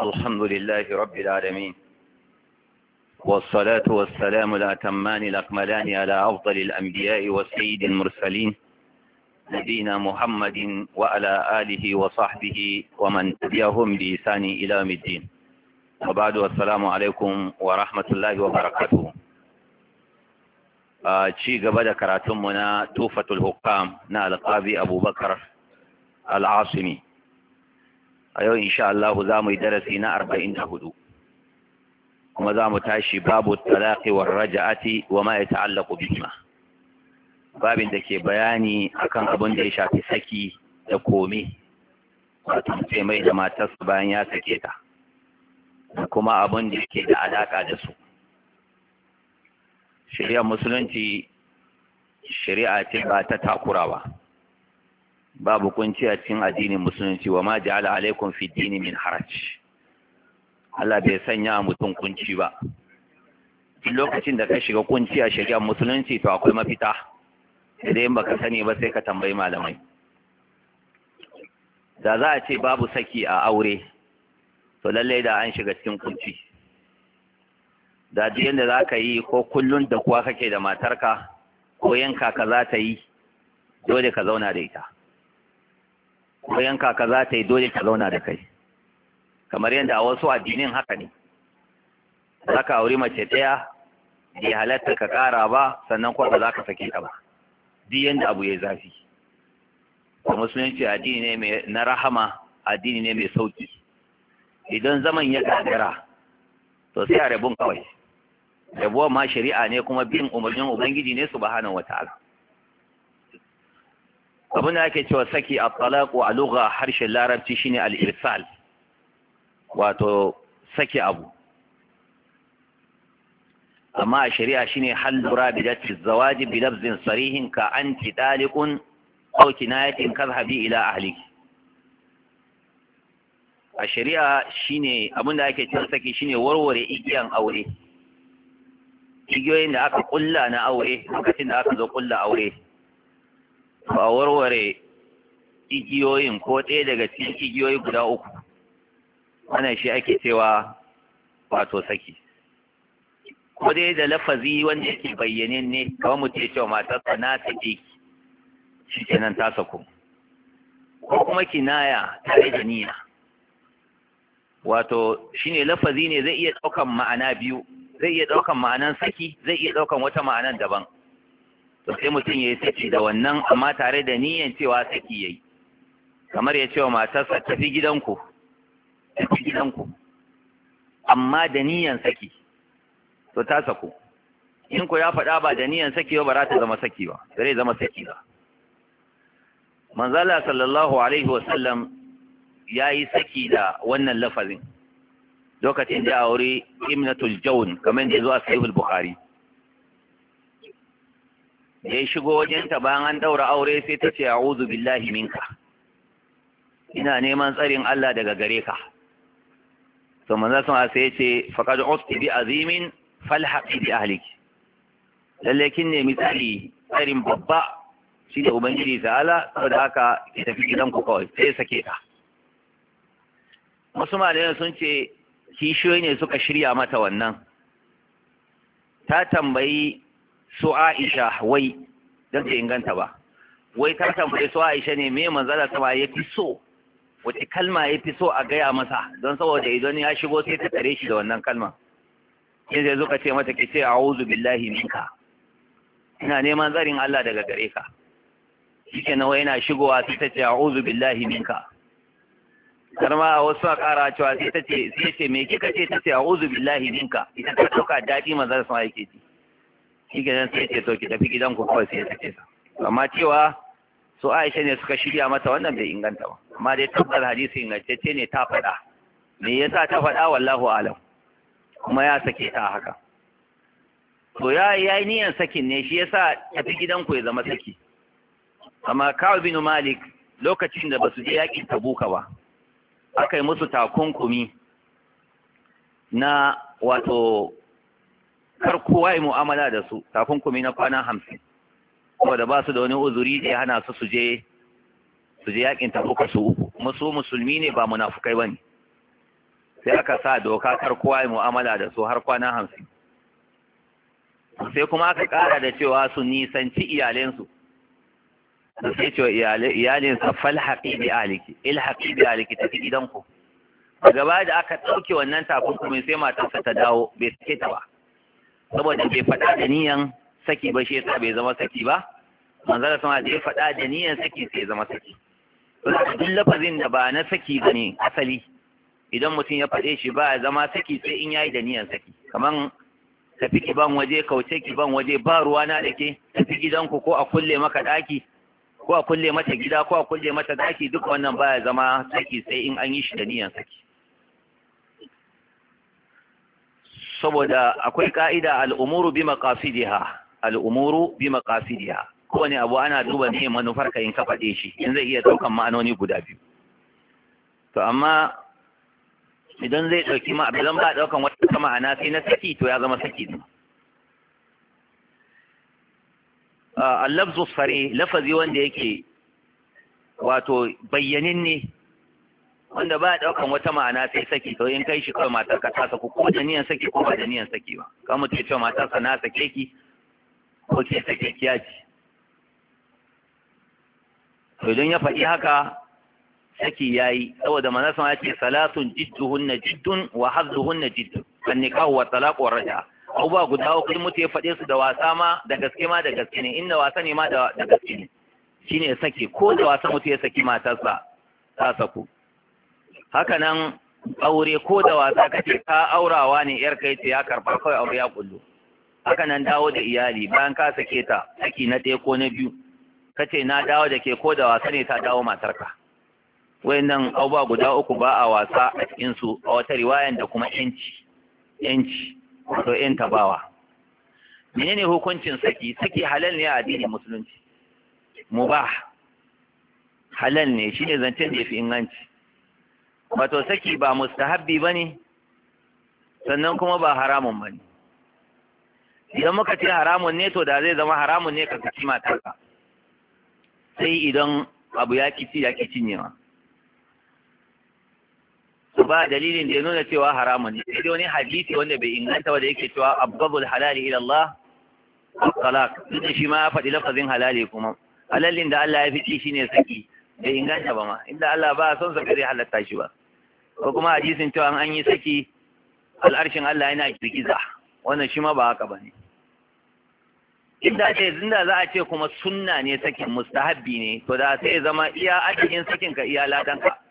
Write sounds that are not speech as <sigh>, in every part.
الحمد لله رب العالمين والصلاة والسلام الأتمان الأكملان على أفضل الأنبياء والسيد المرسلين نبينا محمد وعلى آله وصحبه ومن تبعهم بإحسان إلى الدين alaikum wa rahmatullahi wa barakatu a ci gaba da karatunmu na tufatul hukam na alƙabi abubakar al'asimi a yau insha Allah za mu yi darasi na arba'in da hudu kuma za mu tashi babu talaƙi wa raja'ati wa ma ya ta'allaku babin da ke bayani akan abin da ya shafi saki da komi wato mai da matarsa bayan ya sake ta da kuma abin da yake da alaƙa da su shari'a musulunci shari'a ce ba ta takurawa babu kunci a cikin addinin musulunci wa ma ji alaikum fi dini min haraj Allah bai sanya mutum kunci ba lokacin da ka shiga kunci a shari'ar musulunci to akwai mafita idan baka sani ba sai ka tambayi malamai da za a ce babu saki a aure to lallai da an shiga cikin kunci da duk yadda za ka yi ko kullun da kuwa kake da matarka ko yanka ka za ta yi dole ka zauna da ita ko yanka ka za ta yi dole ka zauna da kai kamar yadda a wasu addinin haka ne za ka auri mace ɗaya bai halatta ka ƙara ba sannan kuwa ba za ka sake ta ba duk yadda abu ya zafi musulunci addini ne na rahama addini ne mai sauki idan zaman ya gagara to sai a rabun kawai Yabuwa ma shari'a ne kuma bin umarnin ubangiji ne su wata ala abin da ake cewa saki a talaku a lura harshen larabci shine al-irsal wato saki abu amma a shari'a shine hal lura datti zawaji bi lafzin sarihin ka ɗalikun dalikun yakin kinayatin kadhabi ila ahliki a shari'a shine abin da ake cin saki shine warware igiyan aure igiyoyin da aka kulla na aure lokacin da aka zo kulla aure ba warware igiyoyin ko ɗaya daga cikin igiyoyi guda uku wannan shi ake cewa wato saki ko dai da lafazi wanda yake bayyane ne kamar mutum ya ce wa matarsa na saki shi kenan ta sako ko kuma kinaya tare da niyya wato shine lafazi ne zai iya ɗaukan ma'ana biyu zai iya ɗaukan ma'anan saki zai iya ɗaukan wata ma'anan daban to sai mutum ya yi saki da wannan amma tare da niyan cewa saki ya yi kamar ya ce wa matarsa tafi gidanku tafi gidanku amma da niyan saki to ta saku in ku ya faɗa ba da niyan saki ba za ta zama saki ba zai zama saki ba manzala sallallahu alaihi wasallam ya yi saki da wannan lafazin lokacin da aure imnatul jaun kamar da zuwa sahihul bukhari ya shigo wajenta bayan an daura aure sai ta ce a'udhu billahi minka ina neman tsarin Allah daga gare ka to manzo sun sai ya ce faqad usti bi azimin falhaqi bi ahliki lalle kin ne misali tsarin babba shi da ubangiji ta'ala saboda haka ki tafi gidanku kawai sai sake ta wasu malayan sun ce kishiyoyi ne suka shirya mata wannan ta tambayi su aisha wai don ce inganta ba wai ta tambayi su aisha ne me ta sama ya fi so wace kalma ya fi so a gaya masa don saboda idan ya shigo sai ta tare shi da wannan kalma in sai zuka ce mata ki ce wuzu billahi minka ina neman zarin Allah daga gare ka ke nawa yana shigowa sai ta ce wuzu billahi minka har ma a wasu a ƙara cewa sai ta ce sai ce me kika ce ta ce a uzu billahi minka idan ta ɗauka daɗi maza su ma yake ji shi ke nan sai ce to ki tafi gidan ku kawai sai ta ce amma cewa su Aisha ne suka shirya mata wannan bai inganta ba amma dai tabbar hadisi ingantacce ne ta faɗa me yasa ta faɗa wallahu alam kuma ya sake ta haka to ya yi niyan sakin ne shi yasa tafi gidan ku ya zama saki amma kawai bin Malik lokacin da basu je yakin Tabuka ba aka yi musu takunkumi na wato kar mu'amala da su takunkumi na kwana hamsin saboda ba su da wani uzuri da ya hana su su je yakin tabuka su uku musu musulmi ne ba munafukai ba ne sai aka sa doka kar mu'amala da su har kwana hamsin sai kuma aka kara da cewa su nisanci iyalensu da sai cewa iyalinsa falhaƙi bi aliki ilhaƙi bi aliki ta fi gidanku daga baya da aka ɗauke wannan takunkumin sai matarsa ta dawo bai sake ta ba saboda bai faɗa da niyan saki ba shi yasa bai zama saki ba manzara sama da ya faɗa da niyan saki sai zama saki duk lafazin da ba na saki ba ne asali idan mutum ya faɗe shi ba zama saki sai in yayi da niyan saki kaman tafi ki ban waje kauce ki ban waje ba ruwa na da ke tafi gidanku ko a kulle maka ɗaki ko a kulle mata gida ko a kulle mata daki duk wannan baya zama saki sai in an yi shi da niyan saki saboda akwai ka'ida al'umuru bi maqasidiha al'umuru bi maqasidiha kowane abu ana duba ne manufar ka in ka faɗe shi in zai iya daukan ma'anoni guda biyu to amma idan zai dauki ma idan ba daukan wata ma'ana sai na saki to ya zama saki ne allabzu fari, lafazi wanda yake wato bayyanin ne wanda ba daukan wata ma'ana sai saki to in kai shi kawai matar ka ta saku ko da niyan saki ko ba da niyan saki ba ka mu ya ce matar sa na sake ki ko ke sake kiya ce to idan ya faɗi haka saki yayi saboda manasa ya ce salatun jidduhunna jiddun wa hazzuhunna jiddun an wa talaqu wa raja'a abubuwa guda uku in mutu ya faɗe su da wasa ma da gaske ma da gaske ne inda wasa ne ma da gaske ne shine ya sake ko da wasa mutu ya saki matarsa ta saku haka nan aure ko da wasa kace ka aurawa ne yar kai ce ya karba kawai aure ya kullu haka nan dawo da iyali bayan ka sake ta saki na ɗaya ko na biyu kace na dawo da ke ko da wasa ne ta dawo matarka wayannan abubuwa guda uku ba a wasa a cikin su a wata riwayan da kuma yanci yanci wato in tabawa menene hukuncin saki saki halal ne a addinin musulunci mubah halal ne shine zancen da fi inganci wato saki ba mustahabbi bane sannan kuma ba haramun bane idan muka ce haramun ne to da zai zama haramun ne ka saki matarka sai idan abu ya kici ya kici newa ba dalilin da ya nuna cewa haramun ne sai wani hadisi wanda bai inganta wanda yake cewa abbabul halali ila Allah talaq duk shi ma ya faɗi lafazin halali kuma halalin da Allah ya fi shine saki bai inganta ba ma inda Allah ba son sa zai halatta shi ba ko kuma hadisin cewa an yi saki al'arshin Allah yana girgiza wannan shi ma ba haka bane inda ce zinda za a ce kuma sunna ne sakin mustahabbi ne to da sai zama iya adadin sakin ka iya ladanka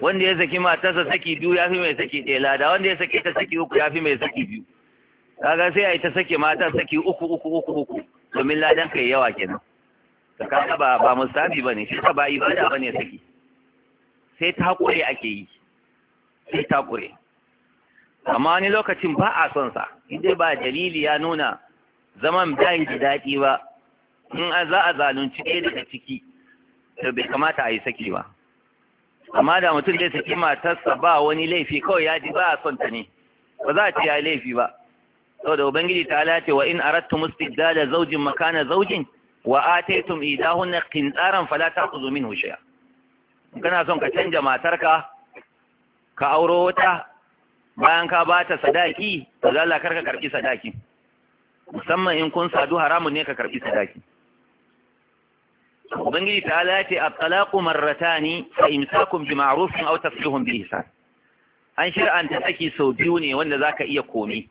wanda ya saki matarsa saki biyu ya fi mai saki ɗaya lada wanda ya saki ta saki uku ya fi mai saki biyu kaga sai a yi ta saki mata saki uku uku uku uku domin ladan kai yawa kenan ta kasa ba ba musabi bane shi ba ibada bane saki sai ta kure ake yi sai ta kure amma wani lokacin ba a son sa inda ba dalili ya nuna zaman bai ji daɗi ba in za a zalunci ɗaya daga ciki to bai kamata a yi saki ba amma da mutum zai saki matarsa ba wani laifi kawai ya ji ba a son ta ne ba za a ce ya laifi ba saboda ubangiji ta alace wa in aradtum da zaujin makana zaujin wa ataytum idahunna qintaran fala ta'khudhu minhu shay'a kana son ka canja matarka ka auro wata bayan ka ba ta sadaki to zalla karka karbi sadaki musamman in kun sadu haramun ne ka karbi sadaki ubangiji ta alace a talaku marratani fa imsakum bi ma'rufin aw tafsihun bi ihsan an shir'anta saki sau biyu ne wanda ka iya komi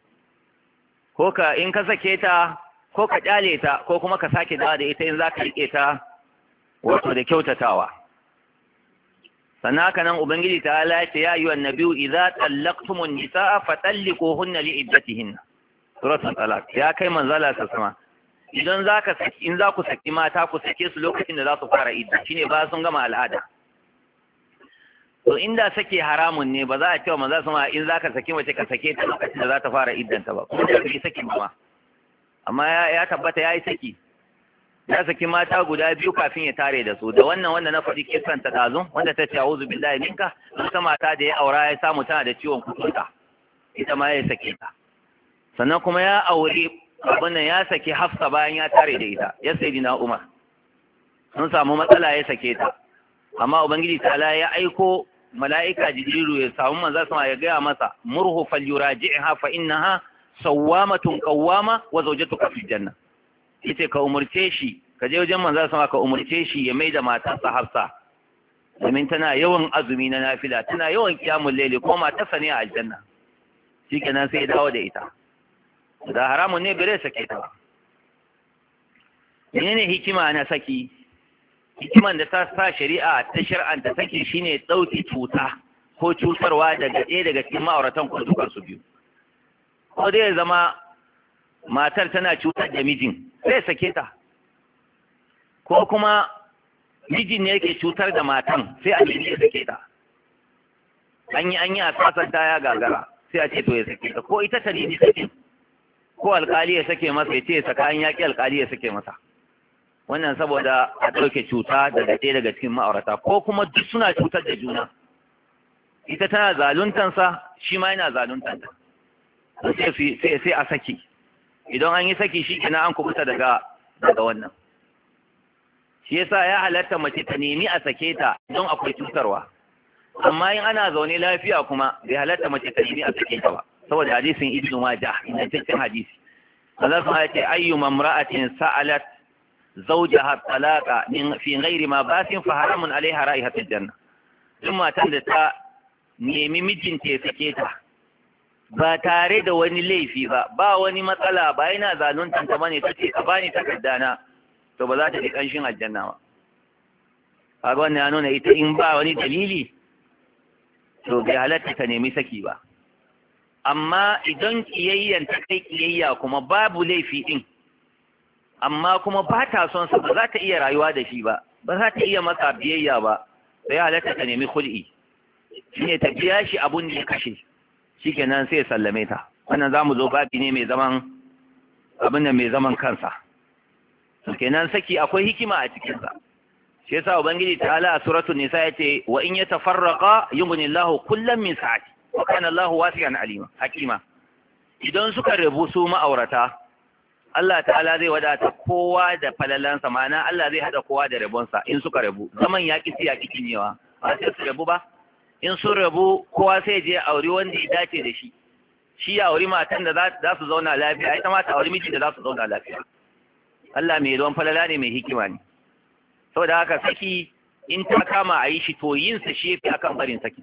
ko ka in ka sake ta ko ka kyale ta ko kuma ka sake dawa da ita in zaka riƙe ta wato da kyautatawa sannan haka nan ubangiji ta ce ya yi annabiyu idza tallaqtumun nisaa fatalliquhunna li iddatihinna suratul talaq ya kai manzala ta sama idan za ka saki in za ku saki mata ku sake su lokacin da za su fara idda shine ba sun gama al'ada to inda sake haramun ne ba za a cewa maza su ma in za ka saki mace ka sake ta lokacin da za ta fara iddanta ba kuma da kake saki mama amma ya tabbata ya yi saki ya saki mata guda biyu kafin ya tare da su da wannan wanda na faɗi kisan ta ɗazun wanda ta ce a'udhu billahi minka ta mata da ya aura ya samu tana da ciwon kuturta ita ma ya saki ta sannan kuma ya aure abin nan ya sake hafsa bayan ya tare da ita ya sai na umar sun samu matsala ya sake ta amma ubangiji ta'ala ya aiko mala'ika jibrilu ya samu manzo sama ya gaya masa murhu falyuraji'ha fa innaha sawwamatun qawwama wa zawjatuka fi janna yace ka umurce shi ka je wajen manzo sama ka umarce shi ya maida matarsa hafsa domin tana yawan azumi na nafila tana yawan kiyamul laili koma ta ne a aljanna shikenan sai ya dawo da ita da haramun ne bare sake ta menene hikima na saki hikiman da ta sa shari'a ta shar'anta saki shine dauki cuta ko cutarwa daga ɗaya daga cikin ma'auratan ko dukan su biyu ko dai zama matar tana cutar da mijin sai sake ta ko kuma mijin ne yake cutar da matan sai a ya sake ta an yi an yi a sasanta ya gagara sai a ce to ya sake ta ko ita ta nemi sakin ko alkali ya sake masa ya ce tsakanin yaƙi alkali ya sake masa wannan saboda a ɗauke cuta daga ɗaya daga cikin ma'aurata ko kuma duk suna cutar da juna ita tana zaluntansa shi ma yana zaluntanta sai sai a saki idan an yi saki shi kina an kubuta daga daga wannan shi yasa ya halatta mace ta nemi a sake ta don akwai cutarwa amma in ana zaune lafiya kuma bai halatta mace ta nemi a sake ta ba saboda hadisin ibn majah cikin hadisi Allah sun ce ayyu mamra'atin sa'alat zawjaha talaqa min fi ghairi ma basin fa haramun alaiha ra'ihatul janna duk matan da ta nemi mijinta ya sake ta ba tare da wani laifi ba ba wani matsala ba yana zalunta ta bane take ka bani takaddana to ba za ta ji kanshin aljanna ba kaga wannan ya nuna ita in ba wani dalili to bai halatta ka nemi saki ba amma idan kiyayyan ta kai kiyayya kuma babu laifi ɗin. amma kuma ba ta son sa ba za ta iya rayuwa da shi ba ba za ta iya masa biyayya ba sai halatta ta nemi khul'i shine ta biya shi abun da ya kashe shikenan sai sallame ta wannan mu zo babi ne mai zaman abin da mai zaman kansa kenan saki akwai hikima a cikinsa. Shiyasa shi yasa ubangiji ta'ala a suratun nisa ce, wa in yatafarraqa lahu kullum min sa'ati wa kana Allahu wasi'an alima hakima idan suka rabu su ma'aurata Allah ta'ala zai wadata kowa da falalansa ma'ana Allah zai hada kowa da rabonsa in suka rabu zaman ya kisi ya kici niwa ba sai su rabu ba in sun rabu kowa sai je aure wanda ya dace da shi shi ya aure matan da za su zauna lafiya ita ma aure auri miji da za su zauna lafiya Allah mai ruwan falala ne mai hikima ne saboda haka saki in ta kama a yi shi to yin sa shi yafi akan barin saki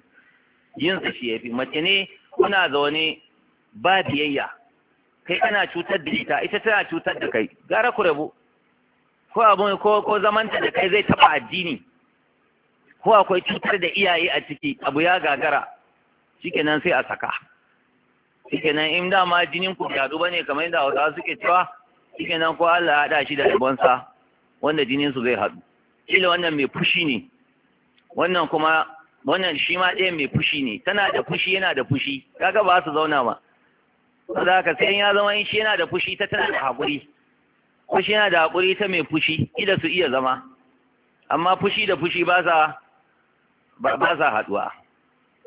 yin su shi fi mace ne kuna zaune ba biyayya kai kana cutar da ita ita tana cutar da kai gara ku rabu ko abin ko ko zamanta da kai zai taba addini ko akwai cutar da iyaye a ciki abu ya gagara shikenan sai a saka shikenan in dama jinin ku yadu bane kamar yadda Hausawa suke cewa shikenan ko Allah ya hada shi da rabonsa wanda jinin su zai hadu kila wannan mai fushi ne wannan kuma wannan shi ma ɗaya mai fushi ne tana da fushi yana da fushi kaga ba su zauna ba Za ka sai ya zama in shi yana da fushi ta tana da haƙuri fushi yana da haƙuri ta mai fushi ida su iya zama amma fushi da fushi ba sa ba sa haɗuwa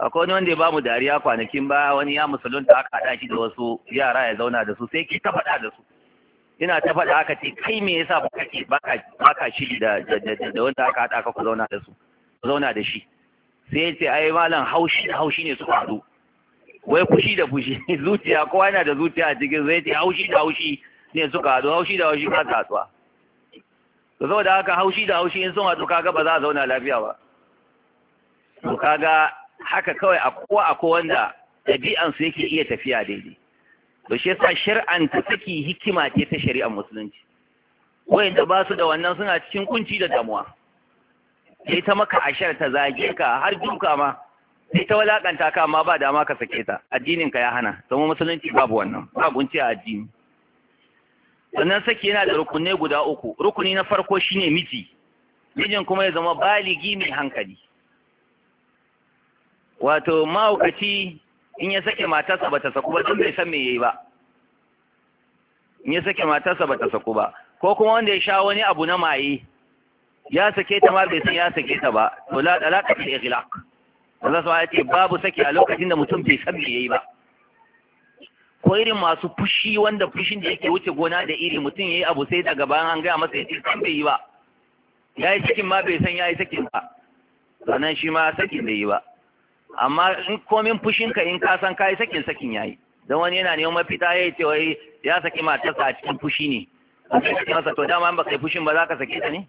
akwai wani wanda ya bamu dariya kwanakin ba wani ya musulunta aka haɗa shi da wasu yara ya zauna da su sai ki ta faɗa da su Ina ta faɗa aka ce kai me yasa baka baka shiri da da wanda aka haɗa ka ku zauna da su ku zauna da shi sai ya ce ai malam haushi haushi ne suka haɗu wai fushi da fushi <laughs> zuciya kowa yana da zuciya a cikin zai ce haushi da haushi ne suka haɗu haushi da haushi ba ta hatsuwa to saboda haka haushi da haushi in sun haɗu kaga ba za a zauna lafiya ba to kaga haka kawai a kowa a kowa wanda ɗabi'an su yake iya tafiya daidai to shi yasa shari'an ta saki hikima ce ta shari'ar musulunci wayanda ba su da wannan suna cikin kunci da damuwa sai ta maka ashar ta zage ka har duka ma sai ta walakanta ka amma ba dama ka sake ta addinin ka ya hana kuma musulunci babu wannan ba gunci a addini sannan saki yana da rukunai guda uku rukuni na farko shine miji mijin kuma ya zama baligi mai hankali wato mahaukaci in ya sake matarsa ba ta saku ba don bai san me yayi ba in ya sake matarsa ba ta saku ba ko kuma wanda ya sha wani abu na maye ya sake ta ma bai san ya sake ta ba to la alaka ta ighlaq Allah subhanahu ya ce babu saki a lokacin da mutum bai san me yayi ba ko irin masu fushi wanda fushin da yake wuce gona da iri mutum yayi abu sai daga bayan an gaya masa yace san bai yi ba yayi sakin ma bai san yayi sakin ba sannan shi ma sakin bai yi ba amma in komin ka in ka san kai sakin sakin yayi don wani yana neman mafita ya ce wai ya saki matarsa a cikin fushi ne a cikin masa to dama ba baka yi fushin ba za ka sake ta ne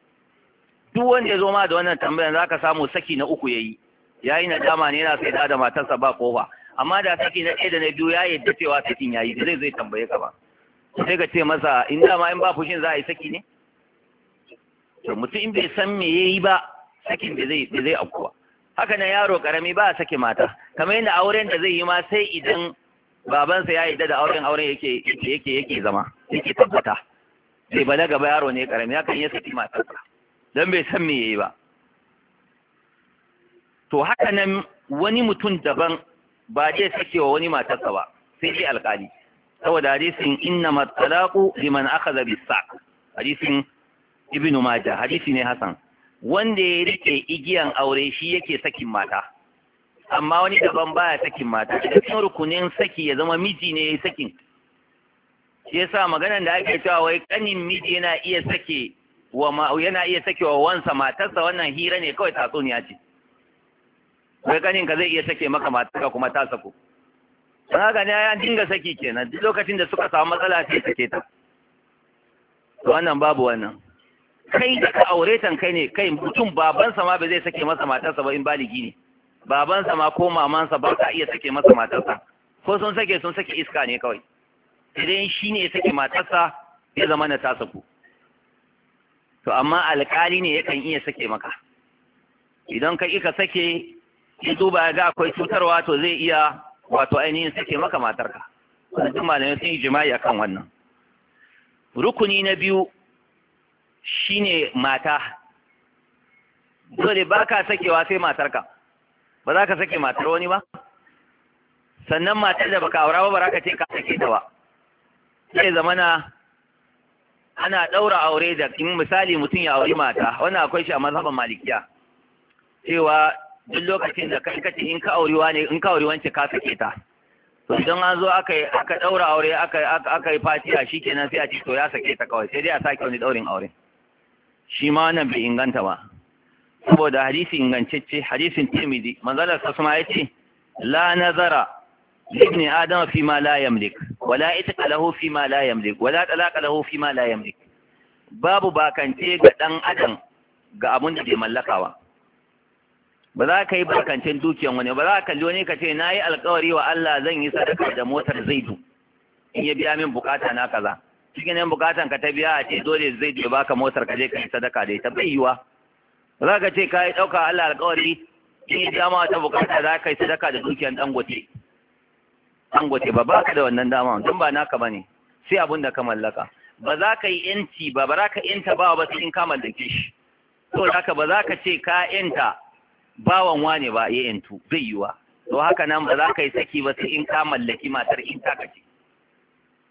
duk wanda ya zo ma da wannan tambayan zaka samu saki na uku yayi yayi na dama ne yana sai da matarsa ba kofa amma da saki na ɗaya da na biyu ya yadda cewa sakin yayi zai zai tambaye ka ba sai ka ce masa in dama in ba fushin za a yi saki ne to mutum in bai san me yayi ba sakin da zai da zai ba haka nan yaro karami ba a mata kamar yadda auren da zai yi ma sai idan babansa ya yadda da auren auren yake yake yake zama yake tabbata Sai balaga ba yaro ne karami haka in ya saki matarsa don bai san me yi ba to haka nan wani mutum daban ba zai sake wa wani matarsa ba sai dai alƙali saboda hadisin inna matsalaku liman zabi sa, hadisin ibn majah hadisi ne hasan wanda ya rike igiyan aure shi yake sakin mata amma wani daban baya sakin mata cikin rukunin saki ya zama miji ne ya sakin shi yasa maganar da ake cewa wai kanin miji yana iya sake wa yana iya sakewa wansa matarsa wannan hira ne kawai tatsuniya ce wai ganin ka zai iya sake maka matarka kuma ta sako sana haka ne ya dinga saki kenan duk lokacin da suka samu matsala sai ke ta to wannan babu wannan kai da ka aure tan kai ne kai mutum babansa ma ba zai sake masa matarsa ba in baligi ne babansa ma ko mamansa ba ka iya sake masa matarsa ko sun sake sun sake iska ne kawai idan shi ne ya sake matarsa ya zama na ta sako. to amma alƙali ne yakan iya sake maka idan ka ika sake ya duba ga akwai cutarwa to zai iya wato ainihin sake maka matarka wannan duk malamai sun yi jima'i akan wannan rukuni na biyu shine mata dole ba ka sakewa sai matarka ba za ka sake matar wani ba sannan matar da baka aura ba ba za ka ce ka sake ta ba sai zamana ana ɗaura aure da in misali mutum ya auri mata wannan akwai shi a mazhaban malikiya cewa duk lokacin da kai kace in ka auri wani in ka auri wance ka sake ta to idan an zo aka aka ɗaura aure aka aka yi a shikenan sai a ce to ya sake ta kawai sai dai a sake wani ɗaurin aure shi ma wannan bai inganta ba saboda hadisi ingantacce hadisin timidi manzalar sa ya ce la nazara لابن آدم فيما لا يملك ولا إتق له فيما لا يملك ولا طلاق له فيما لا يملك babu bakance ga ɗan ga abun da bai mallakawa ba ka yi bakancin dukiyan wani ba za kalli wani ka ce na yi alkawari wa Allah zan yi sadaka da motar zaidu in ya biya min bukata na kaza cikin yan bukatan ka ta biya a ce dole zaidu ya baka motar ka je ka yi sadaka da ita bai yiwa ba za ka ce ka yi ɗauka Allah alkawari in ya biya ma wata za ka yi sadaka da dukiyan dangote dangote ba baka da wannan dama don ba naka bane sai abin da ka mallaka ba za ka yi yanci ba ba za ka yanta bawa ba sai in ka mallake shi to haka ba za ka ce ka yanta bawan wane ba ya yantu zai yiwa to haka nan ba za ka yi saki ba sai in ka mallaki matar in ta kace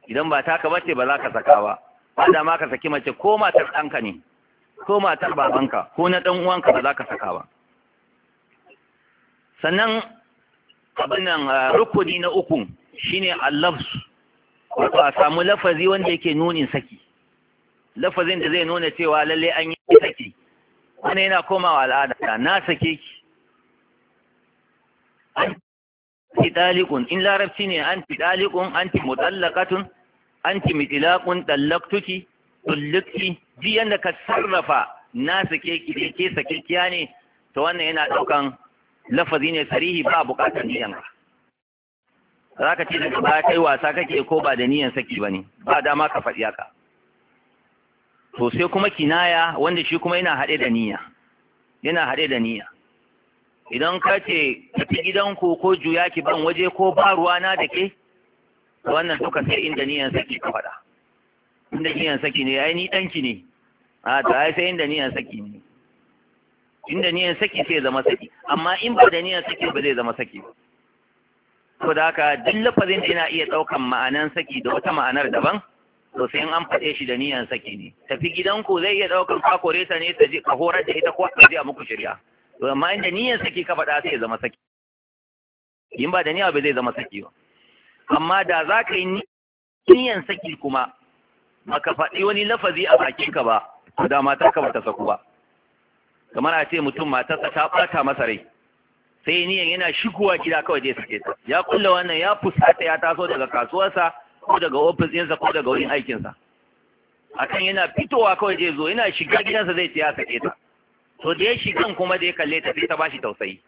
idan ba ka bace ba za ka saka ba ba ma ka saki mace ko matar ɗanka ne ko matar babanka ko na ɗan uwanka ba za ka saka ba sannan abin ah, rukuni na uku shine al-lafz wato a samu lafazi wanda yake nunin saki lafazin da zai nuna cewa lalle an yi saki wannan yana komawa al'ada na sake ki anti dalikun in larabci ne anti dalikun anti mutallaqatun anti mitlaqun dallaqtuki tulliki ji yanda ka sarrafa na sake ki ke sake kiya ne to wannan yana daukan lafazi ne sarihi ba bukatar niyan ba. za ka ce daga ya kai wasa kake ko ba da niyan saki ba ne ba dama ka faɗi haka to sai kuma kinaya wanda shi kuma yana haɗe da niyya yana haɗe da niyya idan ka ce tafi gidanku ko juya ki ban waje ko ba ruwa na da ke wannan duka sai inda niyan saki ka faɗa inda niyan saki ne ai ni ɗanki ne a ta ai sai inda niyan saki ne inda niyan saki sai zama saki amma in ba da niyan saki ba zai zama saki ko da haka duk lafazin yana iya ɗaukan ma'anan saki da wata ma'anar daban to sai an faɗe shi da niyan saki ne tafi gidanku zai iya ɗaukan ka kore ta ne ta ka horar da ita ko ta ji a muku shirya to amma inda niyan saki ka fada sai zama saki in ba da niyan ba zai zama saki ba amma da za ka yi niyan saki kuma baka faɗi wani lafazi a bakinka ba da mata kaba ta saku ba kamar a ce mutum matarsa ta bata masa rai sai niyan yana shigowa gida kawai zai sake ta ya kulla wannan ya fusata ya taso daga kasuwarsa ko daga ofis ɗinsa ko daga wurin aikinsa akan yana fitowa kawai zai zo yana shiga gidansa zai ce ya sake ta to da ya kuma da ya kalle ta sai ta bashi tausayi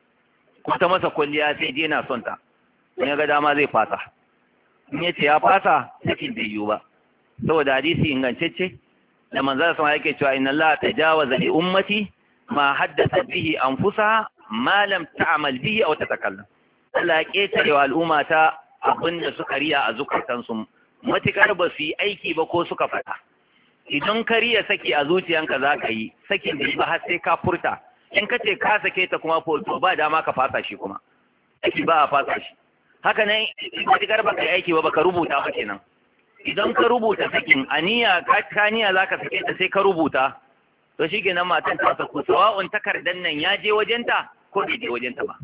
ko ta masa kwalliya sai dai yana son ta in ya ga dama zai fasa in ya ce ya fasa cikin bai yiwu ba saboda hadisi ingantacce da manzon sama yake cewa inna Allah jawaza li ummati ma haddasa bihi anfusaha Malam lam ta'mal bihi aw tatakallam Allah ya ketare wa al'umma ta abinda suka riya a zukatansu matukar ba su yi aiki ba ko suka fata. idan ka riya saki a zuciyanka za ka yi sakin da ba har sai ka furta in ka ce ka sake ta kuma to ba dama ka fasa shi kuma aiki ba a fasa shi haka nan matukar ba ka yi aiki ba ba ka rubuta ba kenan idan ka rubuta sakin aniya ka niya za ka sake ta sai ka rubuta to nan matan ta sako sawa'un takardar nan ya je wajenta ko bai je wajenta ba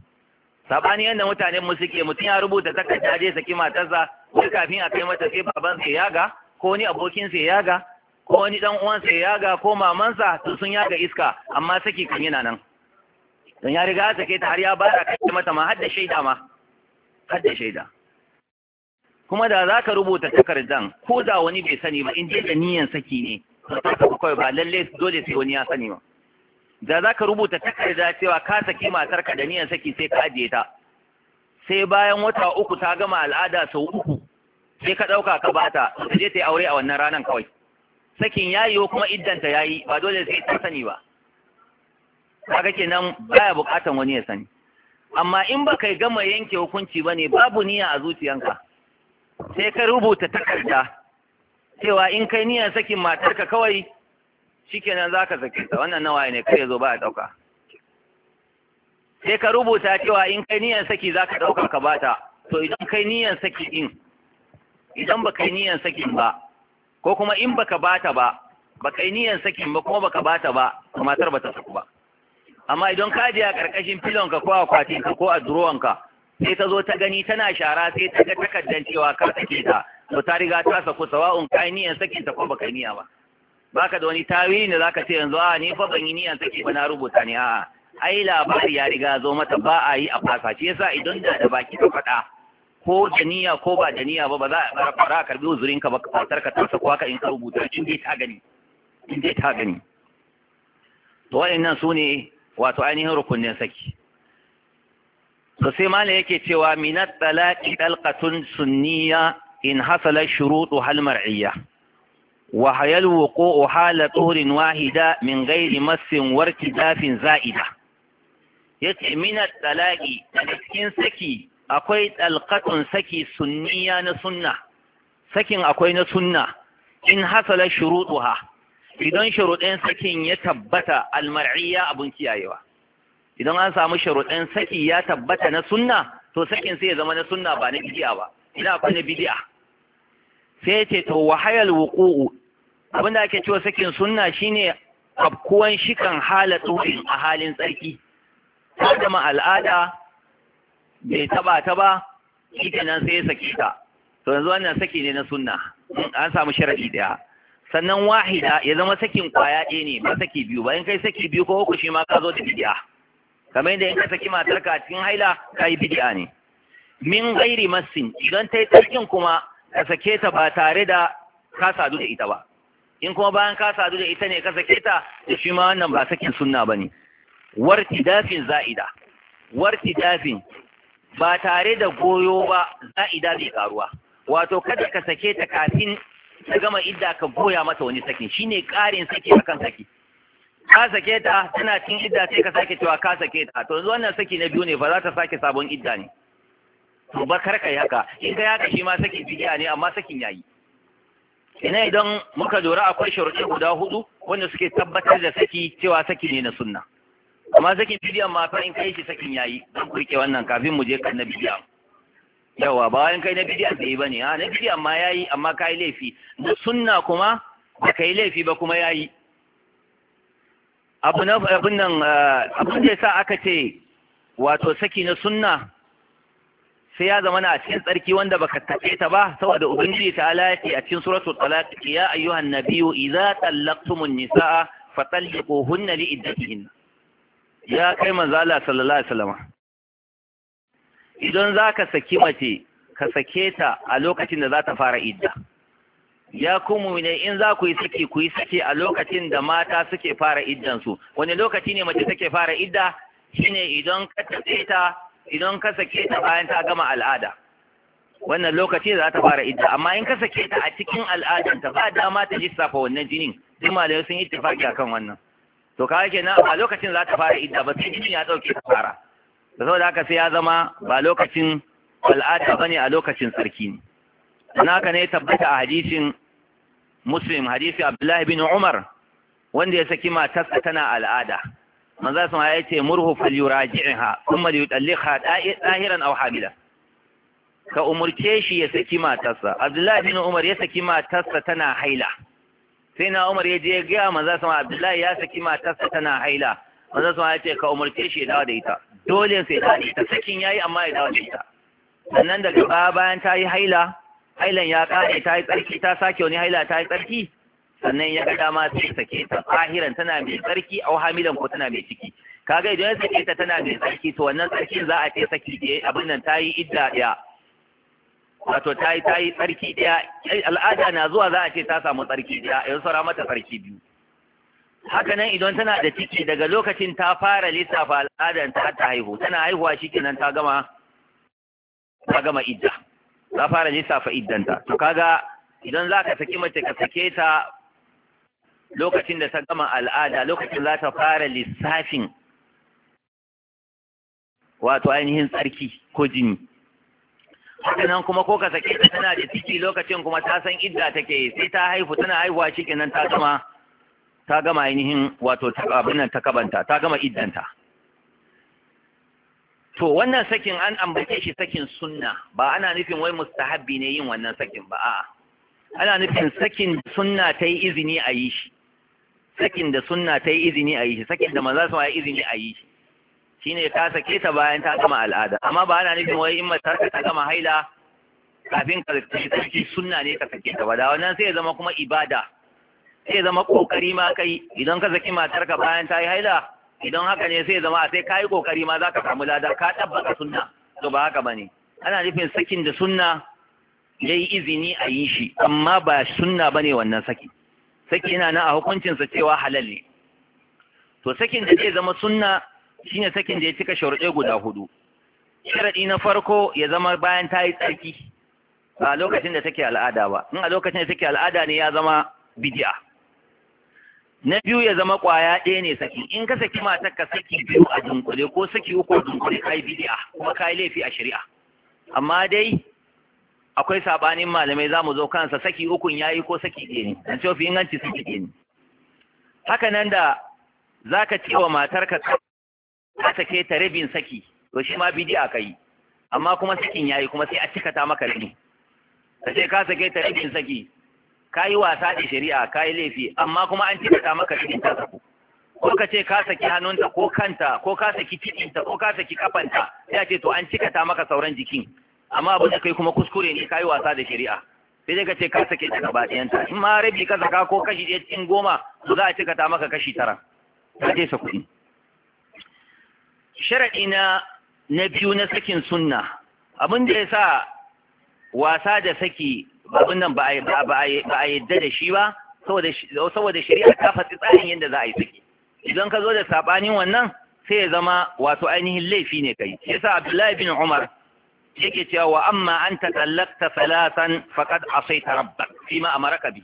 sabani yadda mutanen mu suke mutum ya rubuta takarda je saki matarsa ko kafin a kai mata sai baban sa yaga ko wani abokin sa yaga ko wani dan uwan sa yaga ko mamansa to sun yaga iska amma saki kan yana nan don ya riga sake ta har ya ba bara kai mata ma har da shaida ma har da shaida kuma da za ka rubuta takardan ko da wani bai sani ba in je da niyan saki ne kawai ba lalle dole sai wani ya sani ba da za ka rubuta takarda cewa ka saki matarka da niyan saki sai ka ajiye ta sai bayan wata uku ta gama al'ada sau uku sai ka ɗauka ka bata ta je ta yi aure a wannan ranar kawai sakin ya yiwu kuma iddanta ya yi ba dole sai ta sani ba kaga kenan baya bukatan wani ya sani amma in ba kai gama yanke hukunci ba ne babu niyya a zuciyanka sai ka rubuta takarda cewa in kai niyya sakin matarka kawai shikenan za ka sake ta wannan nawa ne kai zo ba a ɗauka sai ka rubuta cewa in kai niyyar saki za ka ɗauka ka bata to idan kai niyyar saki din idan ba kai niyan sakin ba ko kuma in baka bata ba ba kai niyyar sakin ba kuma baka bata ba matar ba ta saku ba amma idan ka je a karkashin filon ka ko kwatin ka ko a durowan ka sai ta zo ta gani tana shara sai ta ga takaddan cewa ka sake ta to ta riga ta sako sawa'un kai niyan sakin ta ko baka niyya ba baka da wani tawili ne zaka ce yanzu a ni fa ban yi niyan saki ba na rubuta ne a'a ai labari ya riga zo mata ba a yi a fasa shi yasa idan da da baki ka faɗa ko da niyya ko ba da niyya ba ba za a fara karbi uzurin ka ba ka fatar ka tasa ko haka in ka rubuta in dai ta gani in dai ta gani to wa'annan su ne wato ainihin rukunin saki to sai mala yake cewa minat talaqi dalqatun sunniya in hasala shuruɗu hal mar'iyya wa hayal wuqu'u ohala tuhrin wahida min gairi masin warki dafin za'ida ce min at-talaqi cikin saki akwai talqatun saki sunniya na sunna sakin akwai na sunna in hasala ha, idan shuruɗin sakin ya tabbata almar'iyya abun kiyayewa idan an samu sharuɗin saki ya tabbata na sunna to sakin sai ya zama na sunna ba na bidiya ba ina akwai na bidiya sai ce to wahayal wuqu'u abin da ake cewa sakin sunna shine afkuwan shikan hala tsorin a halin tsarki ta zama al'ada bai taba ta ba shi nan sai ya saki ta to yanzu wannan saki ne na sunna an samu sharadi daya sannan wahida ya zama sakin kwaya ɗaya ne ba saki biyu ba in kai saki biyu ko uku shi ma ka zo da bidiya kamar yadda in ka saki matarka cikin haila ka yi bidiya ne min gairi masin idan ta yi tsarkin kuma ka sake ta ba tare da ka sadu da ita ba in kuma bayan ka sadu da ita ne ka sake ta da shi ma wannan ba sakin sunna ba ne warti dafin za'ida warti dafin ba tare da goyo ba za'ida bai karuwa wato kada ka sake ta kafin ta gama idda ka goya mata wani sakin shine karin saki akan saki ka sake ta tana cin idda sai ka sake cewa ka sake ta to yanzu wannan saki na biyu ne ba za ta sake sabon idda ne to ba kar ka yi haka in ka haka shi ma sakin bidiya ne amma sakin yayi ina idan muka dora akwai sharuɗe guda hudu wanda suke tabbatar da saki cewa saki ne na sunna amma sakin bidiyan ma fa in kai shi sakin yayi ku kurke wannan kafin mu je kan na bidiya yawa ba wai kai na bidiya da yi bane ha na bidiya ma yayi amma kai laifi na sunna kuma ba kai laifi ba kuma yayi abu na abun nan eh, abun da yasa aka ce wato saki na sunna sai ya zama na a cikin tsarki wanda baka tafe ta ba saboda ubangiji ta alaƙi a cikin suratul talaq ya ayyuhan nabiyyu idza tallaqtumun nisaa fatalliquhunna li iddatihin ya kai manzo Allah sallallahu alaihi wasallam idan zaka saki mace ka sake ta a lokacin da za ta fara idda ya kuma ne in za ku yi saki ku yi saki a lokacin da mata suke fara iddansu wani lokaci ne mace take fara idda shine idan ka tafe ta idan ka sake ta bayan ta gama al'ada wannan lokaci za ta fara idda amma in ka sake ta a cikin al'adanta ba dama ta fa wannan jinin duk malamai sun yi ittifaki akan wannan to kawai kenan a lokacin za ta fara idda ba sai jinin ya dauke ta fara da saboda haka sai ya zama ba lokacin al'ada bane a lokacin sarki ne dan haka ne tabbata a hadisin muslim hadisi abdullahi bin umar wanda ya saki matarsa tana al'ada manzo sun ya ce murhu falyuraji'ha thumma yudalliha dahiran aw hamila ka umurce shi ya saki matarsa abdullahi bin umar ya saki matarsa tana haila sai na umar ya je ya ga manzo sama abdullahi ya saki matarsa tana haila manzo sun ya ce ka umurce shi ya dawo da ita dole sai da ita sakin yayi amma ya dawo da ita sannan daga bayan ta yi haila hailan ya kare ta yi tsarki ta sake wani haila ta yi tsarki sannan ya ga dama sai sake ta tsahiran tana mai tsarki au hamilan ko tana mai ciki kaga idan sake ta tana mai tsarki to wannan tsarkin za a ce saki ɗaya abin nan ta yi idda ɗaya wato ta yi ta yi tsarki ɗaya al'ada na zuwa za a ce ta samu tsarki ɗaya yanzu saura mata tsarki biyu haka nan idan tana da ciki daga lokacin ta fara lissafa al'adan ta ta haihu tana haihuwa shikenan ta gama ta gama idda ta fara lissafa iddanta to kaga idan za ka saki mace ka sake ta lokacin da ta gama al'ada lokacin za ta fara lissafin wato ainihin tsarki ko jini hakanan kuma ko ka sake ta tana da ciki lokacin kuma ta san idda take sai ta haihu tana haihuwa nan ta gama ta gama ainihin wato abin nan ta kabanta ta gama iddanta to wannan sakin an ambace shi sakin sunna ba ana nufin wai mustahabbi ne yin wannan sakin ba a'a ana nufin sakin sunna ta yi izini a yi shi sakin da sunna ta yi izini a yi shi sakin da maza su yi izini a yi shi shi ne ka sake ta bayan ta gama al'ada amma ba ana nufin wai in matar ta gama haila kafin ka shi sunna ne ka sake ta ba da wannan sai ya zama kuma ibada sai ya zama kokari ma kai idan ka saki matar ka bayan ta yi haila idan haka ne sai ya zama sai yi kokari ma za ka samu lada ka tabbata sunna to ba haka bane ana nufin sakin da sunna yayi izini a yi shi amma ba sunna bane wannan saki saki yana nan a hukuncinsa cewa halal ne to sakin da zai zama sunna shine sakin da ya cika sharuɗe guda hudu sharaɗi na farko ya zama bayan ta yi tsarki a lokacin da take al'ada ba in a lokacin da take al'ada ne ya zama bidi'a na biyu ya zama ƙwaya ɗaya ne saki in ka saki matar ka saki biyu a dunkule ko saki uku a dunkule kai bidi'a kuma kai laifi a shari'a amma dai akwai sabanin malamai za mu zo kansa saki ukun ya yi ko saki ɗaya ne an ce fi inganci saki ɗaya ne haka nan da za ka ce wa matarka ka sake ta rabin saki to shi ma bidi'a ka yi amma kuma sakin ya yi kuma sai a cika ta maka rabi ka ce ka sake ta rabin saki ka yi wasa da shari'a ka yi laifi amma kuma an cika ta maka rabin ta saku ko ka ce ka saki hannunta ko kanta ko ka saki cikinta ko ka saki kafanta sai a ce to an cika ta maka sauran jikin amma abin da kai kuma kuskure ne kayi wasa da shari'a sai dai ka ce ka sake ta gaba ta in ma rabi ka saka ko kashi ɗaya cikin goma to za a cika ta maka kashi tara ka je sa kuɗi sharaɗi na na biyu na sakin sunna abin da ya sa wasa da saki abin nan ba a yadda da shi ba saboda shari'a ta faɗi tsarin yadda za a yi saki idan ka zo da saɓanin wannan sai ya zama wato ainihin laifi ne kai yasa abdullahi bin umar yake cewa wa amma an ta tatallaqta salatan rabba asaita ma a maraka bi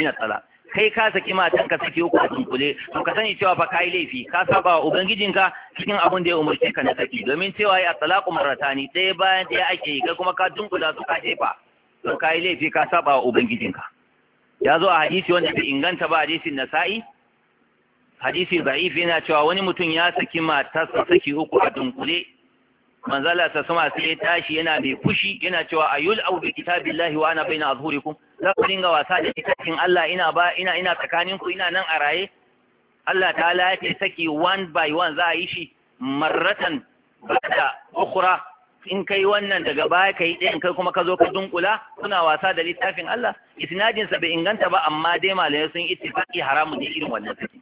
ina tsala kai ka saki matan ka saki uku a tunkule to ka sani cewa fa kai laifi ka saba wa ubangijinka cikin abin da ya umarce ka na saki domin cewa ya at-talaqu marratani ɗaya bayan ɗaya ake yi kai kuma ka dunkula su ka jefa to kai laifi ka saba wa ubangijinka ya zo a hadisi wanda bai inganta ba hadisin nasa'i hadisi da'if yana cewa wani mutum ya saki matarsa saki uku a dunkule manzala ta sama sai ya tashi yana mai fushi yana cewa ayul au bi kitabillahi wa ana baina azhurikum za ku dinga wasa da kitabin Allah ina ba ina ina tsakanin ku ina nan a raye Allah ta'ala ya ce saki one by one za a yi shi marratan bada ukhra in kai wannan daga baya kai ɗayan kai kuma ka zo ka dunkula Kuna wasa da littafin Allah isnadin sa bai inganta ba amma dai malamai sun ittifaqi haramun ne irin wannan saki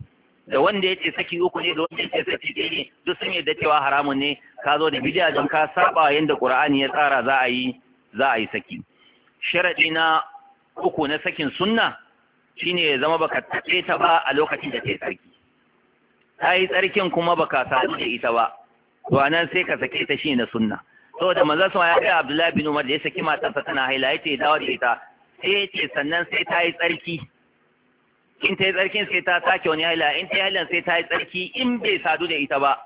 da wanda ya ce saki uku ne da wanda ya ce saki ɗaya ne duk sun yarda cewa haramun ne ka zo da bid'a don ka saba yadda ƙur'ani ya tsara za a yi za a yi saki Sharaɗi na uku na sakin sunna shine ya zama baka taɓe ta ba a lokacin da ta yi tsarki ta yi tsarkin kuma baka samu da ita ba to nan sai ka sake ta shi na sunna saboda manzo sama ya ga Abdullahi bin Umar da ya saki matarsa tana haila yace dawo da ita sai ce sannan sai ta yi tsarki in ta yi tsarkin sai ta sake wani haila in ta yi hailan sai ta yi tsarki in bai sadu da ita ba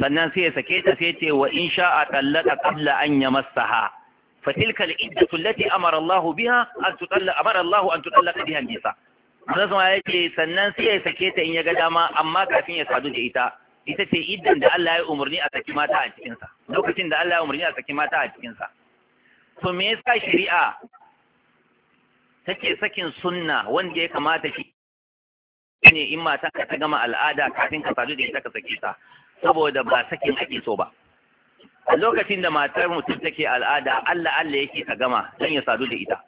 sannan sai ya sake ta sai ce wa in sha'a tallaka qabla an yamassaha fa tilka al-iddatu allati amara Allahu biha an tutalla amara Allahu an tutallaka biha nisa Allah sama yake sannan sai ya sake ta in ya ga dama amma kafin ya sadu da ita ita ce iddan da Allah ya umarni a saki mata a cikinsa lokacin da Allah ya umarni a saki mata a cikinsa to me yasa shari'a take sakin sunna wanda ya kamata shi ne in mata ka ta gama al'ada kafin ka sadu da ita ka sake ta saboda ba sakin ake so ba a lokacin da matar mutum take al'ada Allah Allah yake ta gama don ya sadu da ita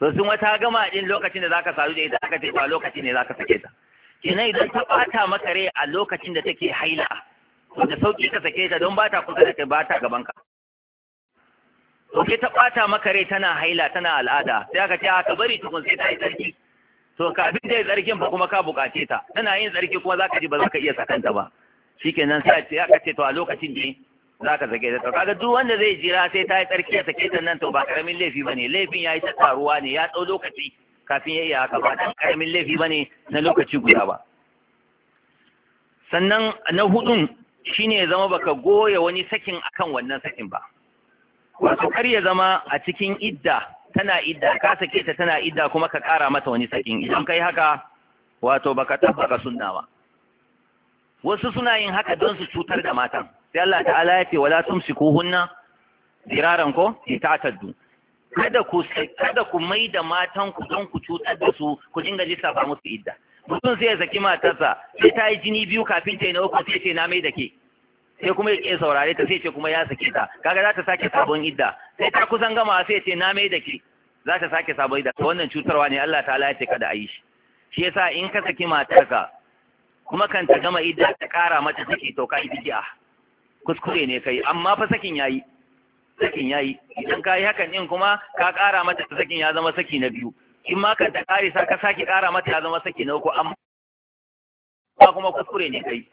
to sun wata gama din lokacin da zaka sadu da ita aka ce ba lokacin ne zaka sake ta kina idan ta bata maka rai a lokacin da take haila to da sauki ka sake ta don bata kusa da kai bata gaban ka to ke ta bata maka rai tana haila tana al'ada sai aka ce aka bari tukun sai ta yi sarki to ka abin da ya tsarkin ba kuma ka bukace ta tana yin tsarki kuma zaka ji ba zaka iya sakanta ba shikenan sai ce aka ce to a lokacin ne zaka sake ta to kaga duk wanda zai jira sai ta yi tsarki ya sake ta nan to ba karamin laifi bane laifin yayi ta taruwa ne ya tsau lokaci kafin ya iya haka ba ta karamin laifi bane na lokaci guda ba sannan na hudun shine ya zama baka goya wani sakin akan wannan sakin ba wato kar ya zama a cikin idda tana idda ka sake ta tana idda kuma ka kara mata wani sakin idan kai haka wato baka tabbaka sunna ba wasu suna yin haka don su cutar da matan sai Allah ta'ala ya ce wala tumsikuhunna diraran ko tataddu kada ku kada ku mai da matan ku don ku cutar da su ku dinga lissafa musu idda mutum sai ya saki matarsa sai ta yi jini biyu kafin ta yi na uku sai ce na mai da ke sai kuma ya ke saurare ta sai ce kuma ya sake ta kaga za ta sake sabon idda sai ta kusan gama sai ce na mai da ke za ta sake sabon idda wannan cutarwa ne Allah Ta lalace kada a yi shi shi yasa in ka saki matarka kuma kan ta gama idda ta kara mata take to ka a kuskure ne kai amma fa sakin yayi sakin yayi idan ka yi hakan din kuma ka kara mata ta sakin ya zama saki na biyu in ma kan ta kare sa ka saki kara mata ya zama saki na uku amma kuma kuskure ne kai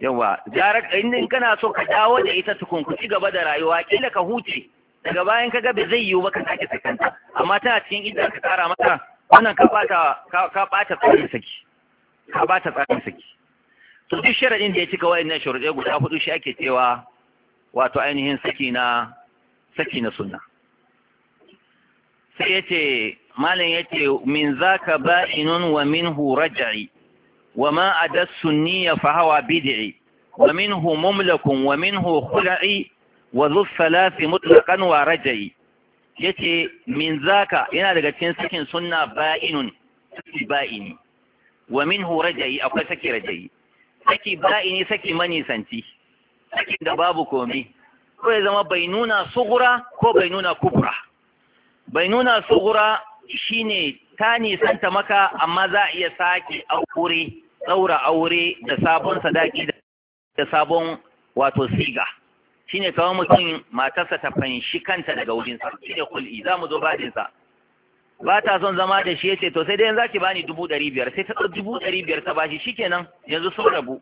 yawa jarar in kana so ka dawo da ita tukun ku ci gaba da rayuwa kila ka huce daga bayan ka ga bai zai yiwu ba ka sake sakanta amma tana cikin idan ka tsara mata wannan ka bata ka bata tsarin saki ka bata tsarin saki to duk sharadin da ya cika wayannan sharuɗe guda hudu shi ake cewa wato ainihin saki na saki na sunna sai yace malam yace min zaka ba'inun wa minhu raj'i وما أدى السنية فهو بدعي ومنه مملك ومنه خلعي وذو الثلاث مطلقا ورجعي yace min zaka yana daga cikin sakin sunna ba'inun saki ba'ini wa minhu raja'i akwai saki raja'i saki ba'ini saki manisanci saki da babu komi ko ya zama bai nuna sugura ko bai nuna kubra bai nuna sugura shine ta nisanta maka amma za a iya sake aure ɗaura aure da sabon sadaki da sabon wato siga shine kawai mutum matarsa ta fanshi kanta daga wurinsa shine kul'i za mu zo bajinsa ba ta son zama da shi yace to sai dai yanzu ki bani dubu ɗari biyar sai ta ɗau dubu ɗari biyar ta bashi shikenan yanzu sun rabu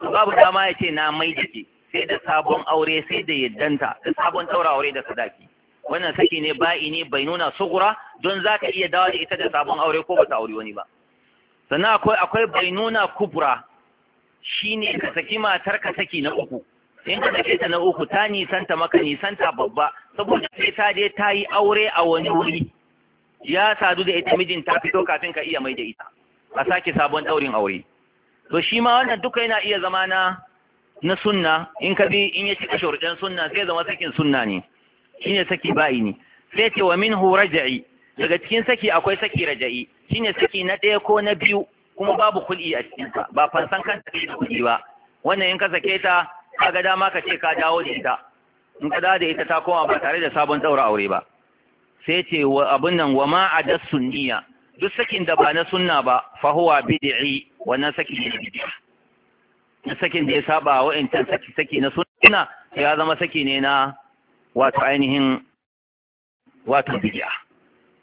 babu dama ya ce na mai da ke sai da sabon aure sai da yaddanta da sabon ɗaura aure da sadaki wannan saki ne ba'i ne bai nuna sugura don za ka iya dawo da ita da sabon aure ko ba ta aure wani ba sannan akwai akwai bainuna kubra shine ka saki matar ka saki na uku in ka sake ta na uku ta nisanta maka nisanta babba saboda sai ta je ta yi aure a wani wuri ya sadu da ita mijin ta fito kafin ka iya mai da ita a sake sabon daurin aure to shi ma wannan duka yana iya zama na na sunna in ka bi in ya ci shurɗin sunna sai zama sakin sunna ne shine saki ba'i sai ce wa minhu raj'i daga cikin saki akwai saki raja'i shine saki na ɗaya ko na biyu kuma babu kul'i a cikin ka ba fansan kan saki da kul'i ba wannan in ka sake ta kaga dama ka ce ka dawo da ita in ka dawo da ita ta koma ba tare da sabon daura aure ba sai ce abun nan wa ma adas sunniya duk sakin da ba na sunna ba fa huwa bid'i wannan saki ne bid'i na sakin da ya saba wa wa'ancan saki saki na sunna ya zama saki ne na wato ainihin wato bid'a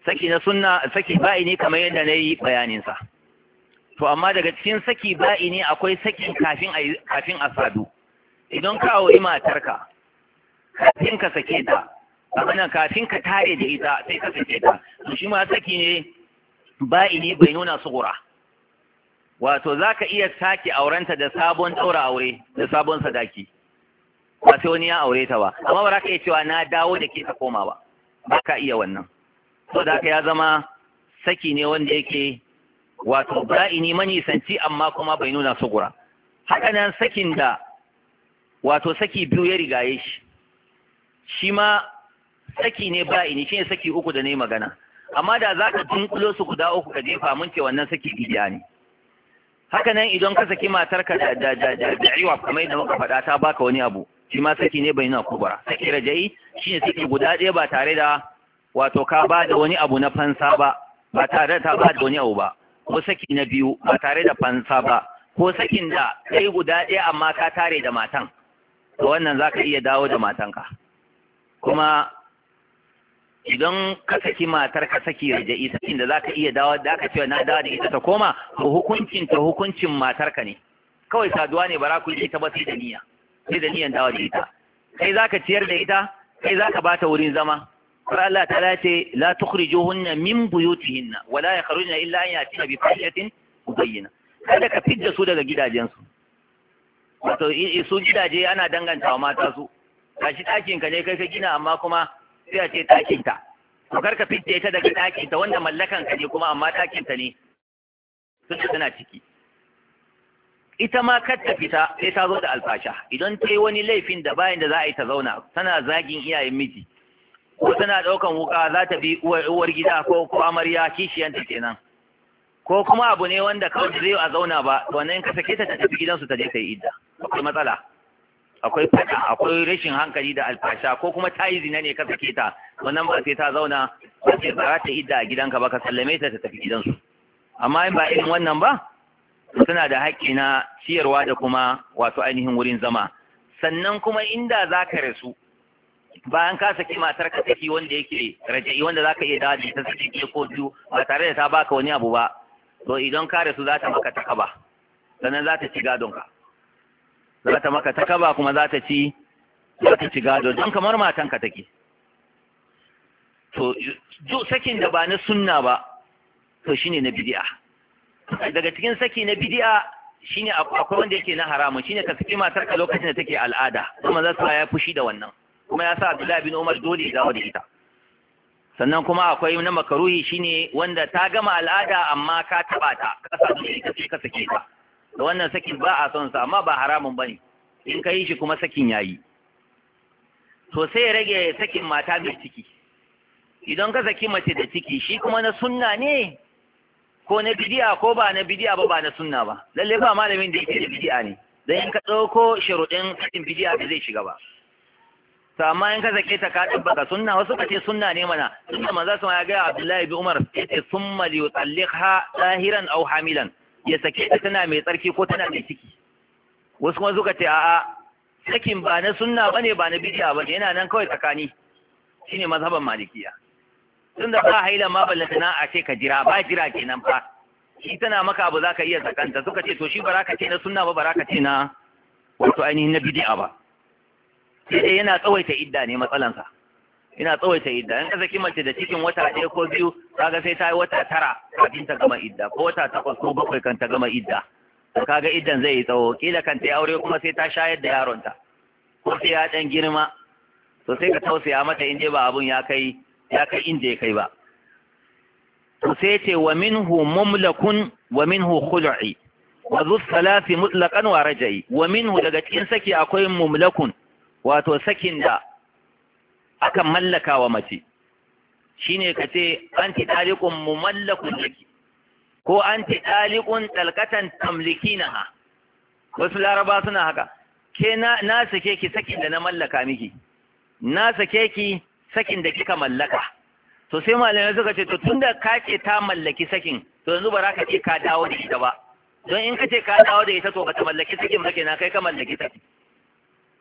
saki na sunna saki ba'i ne kamar yadda na yi bayaninsa to amma daga cikin saki ba'i ne akwai saki kafin kafin a sadu idan ka auri tarka kafin ka sake ta amma kafin ka tare da ita sai ka sake ta to shi ma saki ne ba'i ne bai nuna sugura wato za ka iya sake aurenta da sabon ɗaura aure da sabon sadaki ba sai wani ya aure ta ba amma ba za ka iya cewa na dawo da ke ta koma ba ba ka iya wannan so da haka ya zama saki ne wanda yake wato bra'ini manisanci amma kuma bai nuna sugura haka nan sakin da wato saki biyu ya rigaye shi shi ma saki ne bra'ini shi ne saki uku da ne magana amma da za ka dunkulo su guda uku ka jefa mun ce wannan saki bidiya ne haka nan idan ka saki matarka da da da da da kamar yadda muka faɗa ta baka wani abu shi ma saki ne bai nuna kubara saki raja'i shine saki guda ɗaya ba tare da wato ka ba da wani abu na fansa ba ba tare da ta ba da wani abu ba ko saki na biyu ba tare da fansa ba ko sakin da kai guda ɗaya amma ka tare da matan to wannan za ka iya dawo da matanka kuma idan ka saki matar ka saki raja'i sakin da za ka iya dawo da aka cewa na dawo da ita ta koma to hukuncin ta hukuncin ka ne kawai saduwa ne ba za ku yi ta ba sai da niyya sai da niyyan dawo da ita kai za ka ciyar da ita kai za ka ba ta wurin zama har Allah ta ce la tukhrijuhunna min buyutihinna wala yakhrujna illa an yatina bi fahishatin mubayyana kada ka fidda su daga gidajensu wato su gidaje ana danganta mata su ka ne kai ka gina amma kuma sai a ce ɗakin ta to kar ka fidda ita daga ɗakin ta wanda mallakan ne amma ne sun tana ciki ita ma kar ta fita sai ta zo da alfasha idan ta yi wani laifin da bayan da za a yi ta zauna tana zagin iyayen miji ko tana ɗaukan wuka za ta bi uwar gida ko ko amarya kishiyanta kenan ko kuma abu ne wanda kawai zai a zauna ba to wannan ka sake ta tafi gidansu ta je ta yi idda akwai matsala akwai fada akwai rashin hankali da alfasha ko kuma ta yi zina ne ka sake ta wannan ba sai ta zauna ba sai ba ta idda a gidanka ba ka sallame ta ta tafi gidansu amma in ba irin wannan ba suna da haƙƙi na ciyarwa da kuma wato ainihin wurin zama sannan kuma inda za ka rasu bayan ka saki matar ka saki wanda yake raja'i wanda za ka iya dadi ta saki ke ko biyu ba tare da ta baka wani abu ba to idan ka rasu za ta maka kaba. sannan za ta ci gadon ka za ta maka kaba kuma za ta ci za ta ci gado don kamar matan ka take to duk sakin da ba na sunna ba to shine na bid'a daga cikin saki na bid'a shine akwai wanda yake na haramun shine ka saki matar ka lokacin da take al'ada kuma za su ya fushi da wannan kuma ya sa Abdullahi bin Umar dole ya dawo da ita sannan kuma akwai na makaruhi shine wanda ta gama al'ada amma ka taba ta ka sa ita ce ka sake ta da wannan sakin ba a son sa amma ba haramun bane in ka yi shi kuma sakin yayi to sai ya rage sakin mata mai ciki idan ka saki mace da ciki shi kuma na sunna ne ko na bidiya ko ba na bidiya ba ba na sunna ba lalle ba malamin da yake da bidiya ne dan in ka dauko sharuɗin sakin bidiya ba zai shiga ba to amma in ka sake ta ka tabbata sunna wasu ka ce sunna ne mana sunna manzo sama ya ga Abdullahi bin Umar yace summa li yutalliqha zahiran aw hamilan ya sake ta tana mai tsarki ko tana mai ciki wasu kuma suka ce a'a sakin ba na sunna bane ba na bid'a bane yana nan kawai tsakani shine mazhaban malikiya tunda ba haila ma ballata na a ce ka jira ba jira kenan fa shi tana maka abu zaka iya sakanta suka ce to shi baraka ce na sunna ba baraka ce na wato ainihin na bid'a ba sai yana tsawaita idda ne matsalansa ina tsawaita idda in ka saki mace da cikin wata ɗaya ko biyu kaga sai ta yi wata tara kafin ta gama idda ko wata takwas ko bakwai kan ta gama idda to kaga iddan zai yi tsawo kila kan ta yi aure kuma sai ta shayar da yaronta ko sai ya ɗan girma to sai ka tausaya mata in dai ba abun ya kai ya kai inda ya kai ba to sai ce wa minhu mumlakun wa minhu khul'i wa dhu thalathi mutlaqan wa rajai wa minhu daga cikin saki akwai mumlakun wato sakin da aka mallaka wa mace shine ka ce anti mu mallakun laki ko an ɗalƙatan tamliki na ha. wasu laraba suna haka ke na sake ki sakin da na mallaka miki na sake ki sakin da kika mallaka to sai malamai suka ce to da ka ce ta mallaki sakin to yanzu ba za ka ce ka dawo da ita ba don in ka ce ka dawo da ita to ba ta mallaki sakin ba kenan kai ka mallaki sakin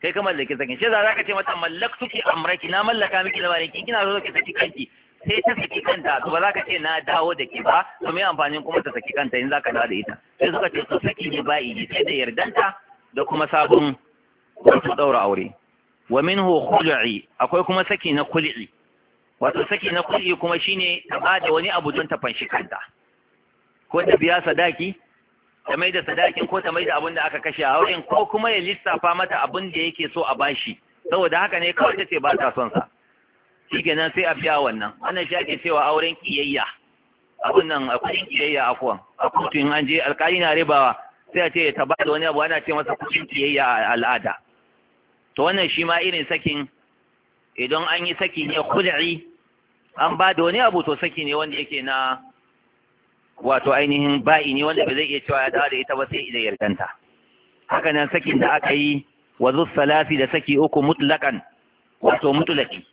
kai ka mallaki sakin shi za ka ce mata mallaktu ki amraki na mallaka miki da bariki kina zo ki saki kanki sai ta saki kanta to ba za ka ce na dawo da ki ba to me amfanin kuma ta saki kanta in za ka dawo da ita sai suka ce to saki ne ba yi, sai da yardanta da kuma sabon wato daura aure wa minhu khul'i akwai kuma saki na khul'i wato saki na khul'i kuma shine ta bada wani abu don ta fanshi kanta ko ta biya sadaki ta mai da sadakin ko ta mai da abin da aka kashe a wurin ko kuma ya lissafa mata abin da yake so a bashi saboda haka ne kawai ta ce ba ta son sa shi kenan sai a biya wannan wannan shi ake cewa auren kiyayya abin nan a kudin kiyayya a kuwan a kotu an je alkali na ribawa sai a ce ta ba da wani abu ana ce masa kudin kiyayya a al'ada to wannan shi ma irin sakin idan an yi saki ne kudari an ba da wani abu to saki ne wanda yake na wato ainihin ba'i ne wanda ba zai iya cewa ya dawo da ita ba sai idan yardanta haka nan sakin da aka yi wa salasi da saki uku mutlaqan wato mutlaqi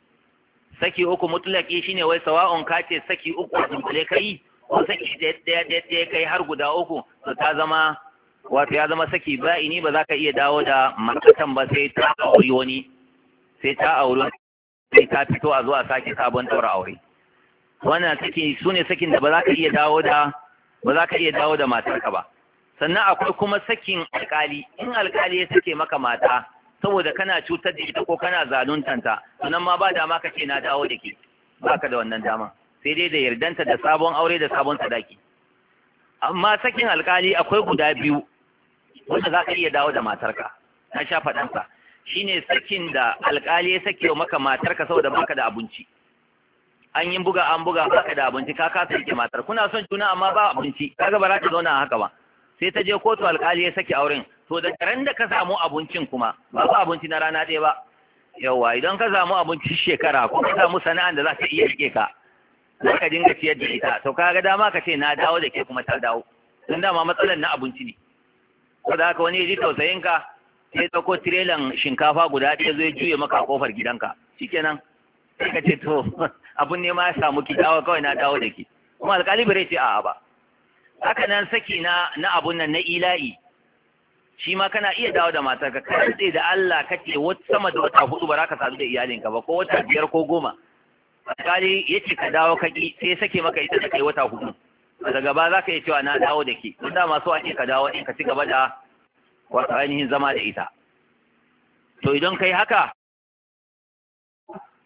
saki uku mutlaqi shine wai sawa'un ka ce saki uku mutlaqi kai ko saki daya daya kai har guda uku to ta zama wato ya zama saki ba'i ne ba za ka iya dawo da makatan ba sai ta auri wani sai ta auri sai ta fito a zuwa sake sabon daura aure wannan sakin su ne sakin da ba za ka iya dawo da ba za ka iya dawo da matarka ba sannan akwai kuma sakin alkali in alkali ya sake maka mata saboda kana cutar da ita ko kana zaluntanta sannan ma ba dama ka ce na dawo da ke ba ka da wannan dama sai dai da yardanta da sabon aure da sabon sadaki amma sakin alkali akwai guda biyu wanda za ka iya dawo da matarka na sha faɗansa shine sakin da alkali ya sake maka matarka saboda baka da abinci an yi buga an buga haka da abinci ka kasa rike matar kuna son juna amma ba abinci kaga ba za ta zauna haka ba sai ta je kotu alkali ya saki auren to da ran da ka samu abincin kuma ba ba abinci na rana ɗaya ba yawa idan ka samu abinci shekara ko ka samu sana'an da za ta iya rike ka za ka dinga ciyar da ita to ga dama ka ce na dawo da ke kuma ta dawo don dama matsalar na abinci ne Ko da haka wani ya ji tausayin ka sai ɗauko tirelan shinkafa guda ɗaya zai juye maka kofar gidanka shikenan sai ka ce to abun ne ma ya samu ki dawo kawai na dawo da ki kuma alƙali bare ce a'a ba haka nan saki na na abun nan na ila'i shi ma kana iya dawo da matarka ka rantse da Allah kace wata sama da wata hudu ba za ka sadu da iyalin ka ba ko wata biyar ko goma alƙali ya ce ka dawo ka ki sai sake maka ita da kai wata hudu daga gaba za ka iya cewa na dawo da ke da masu so ake ka dawo in ka ci gaba da wasu ainihin zama da ita to idan ka haka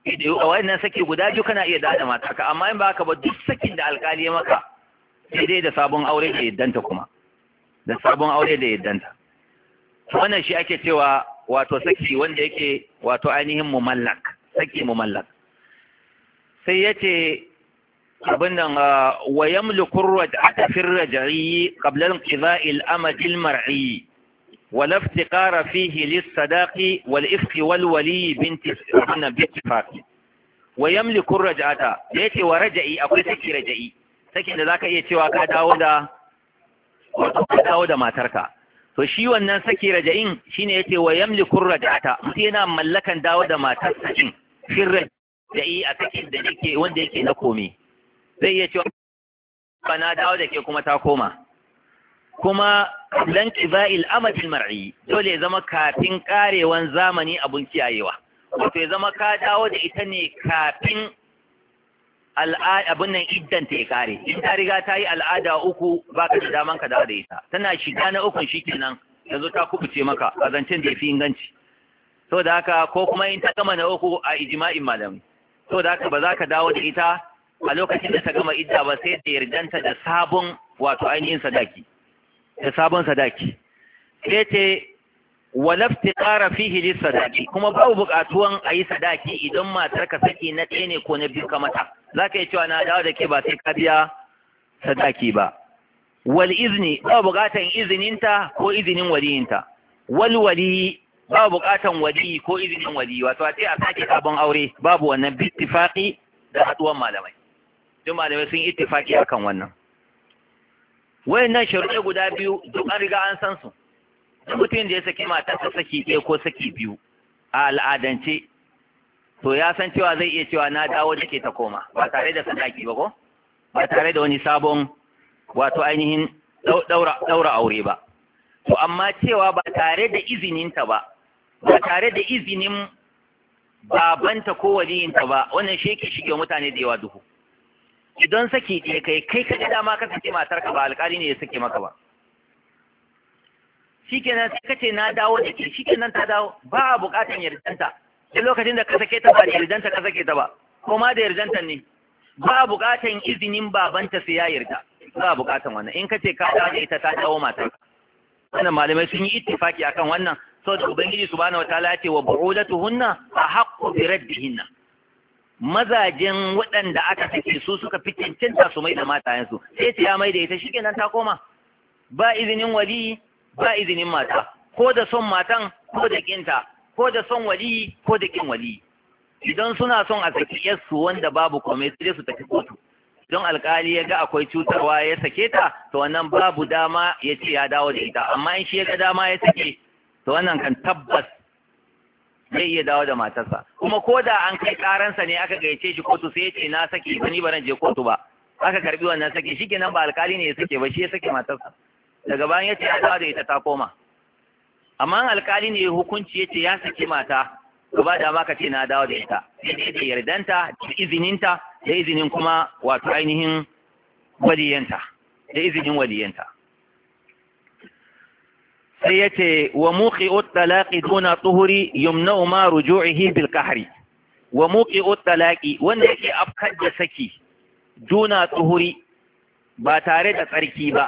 a wannan saki guda biyu kana iya dada mata ka amma in ba ka ba duk sakin da alkali ya maka daidai da sabon aure da yaddanta kuma da sabon aure da yaddanta wannan shi ake cewa wato saki wanda yake wato ainihin mumallak saki mumallak sai ya ce abin nan ah, wa yamliku raj'ata fi firra qabla inqida'i al-amad al-mar'i ولا افتقار فيه للصداق والإفق والولي بنت سبحان باتفاق ويملك الرجعة يأتي ورجعي أقول سكي رجعي سكي ذاك يأتي وكا داودا وكا داودا ما تركا to shi wannan saki raja'in shine yace wa yamliku raj'ata yana mallakan dawo da matar sakin shin raja'i a sakin da yake wanda yake na komai. zai iya dawo da ke kuma ta koma kuma dan qiba'il amadin mar'i dole ya zama kafin karewan zamani abun kiyayewa wato ya zama ka dawo da ita ne kafin abin nan iddan ta kare in ta riga ta yi al'ada uku ba ka da daman ka dawo da ita tana shiga na ukun shikenan yanzu ta kubuce maka a zancen da ya inganci so da haka ko kuma in ta gama na uku a ijma'in malami so da haka ba za ka dawo da ita a lokacin da ta gama idda ba sai da yardanta da sabon wato ainihin sadaki da sabon sadaki sai ce walafti ƙara fihi lis sadaki kuma babu buƙatuwan a yi sadaki idan matar ka saki na ɗaya ne ko na biyu ka mata za ka yi cewa na dawo da ke ba sai ka biya sadaki ba wal izni babu buƙatan izininta ko izinin waliyinta wal wali babu buƙatan wali ko izinin wali wato a ce a sake sabon aure babu wannan bittifaqi da haɗuwan malamai duk malamai sun ittifaqi akan wannan nan sharuɗe guda biyu duk an riga an san su duk mutum da ya saki matarsa saki ɗaya ko saki biyu a al'adance to ya san cewa zai iya cewa na dawo da ke ta koma ba tare da sadaki ba ko ba tare da wani sabon wato ainihin ɗaura aure ba to amma cewa ba tare da izininta ba ba tare da izinin babanta ko waliyinta ba wannan shi yake shige mutane da yawa duhu idan saki ɗaya kai kai ka ji dama ka saki matar ka ba alƙali ne ya sake maka ba shikenan sai kace na dawo da ke shikenan ta dawo ba a buƙatan yardanta sai lokacin da ka sake ta ba da yardanta ka sake ta ba ko ma da yarjanta ne ba a buƙatan izinin babanta sai ya yarda ba a buƙatan wannan in kace ka dawo da ita ta dawo matar wannan malamai sun yi ittifaki akan wannan saboda ubangiji subhanahu wataala ya ce wa bu'udatuhunna ahaqqu bi raddihinna mazajen waɗanda aka sake su suka fi cancanta su mai da matayensu sai ta ya mai da ita nan ta koma ba izinin wali ba izinin mata ko da son matan ko da kinta ko da son wali ko da kin wali idan suna son a saki yarsu wanda babu komai sai su tafi kotu don alkali ya ga akwai cutarwa ya sake ta to wannan babu dama ya ce ya dawo da ita amma in shi ya ga dama ya sake to wannan kan tabbas zai iya dawo da matarsa kuma ko da an kai karansa ne aka gaice shi kotu sai ya ce na saki ba ni ba je kotu ba aka karbi wannan saki shikenan ba alkali ne ya sake ba shi ya sake matarsa daga bayan ya ce ya dawo da ita ta koma amma alkali ne ya hukunci ya ce ya saki mata gaba da ma ka ce na dawo da ita sai da yardanta da izininta da izinin kuma wato ainihin waliyanta da izinin waliyanta sai ya ce wa muqi'ut talaqi duna tuhuri yumna'u ma ruju'ihi bil qahri wa muqi'ut talaqi wanda yake afkar da saki duna tuhuri ba tare da tsarki ba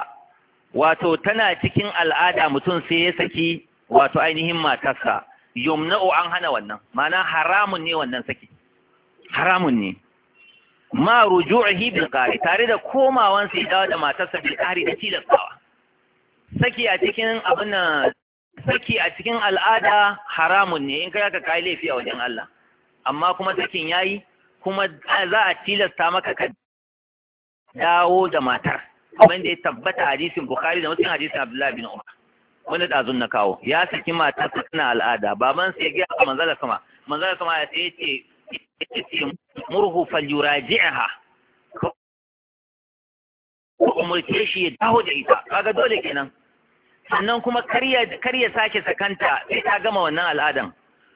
wato tana cikin al'ada mutum sai ya saki wato ainihin matarsa yumna'u an hana wannan ma'ana haramun ne wannan saki haramun ne ma ruju'ihi bil qahri tare da komawansa ya dawo da matarsa bil qahri da tilastawa saki a cikin abin nan saki a cikin al'ada haramun ne in kai ka kai laifi a wajen Allah amma kuma sakin yayi kuma za a tilasta maka ka dawo da matar kamar da ya tabbata hadisin Bukhari da Muslim hadisin Abdullah bin Umar wani dazun na kawo ya saki matar tana al'ada baban sai ya ga manzala sama manzala sama ya ce murhu falyuraji'aha umarce shi ya dawo da ita kaga dole kenan sannan kuma kar ya sake sakanta sai ta gama wannan al'adan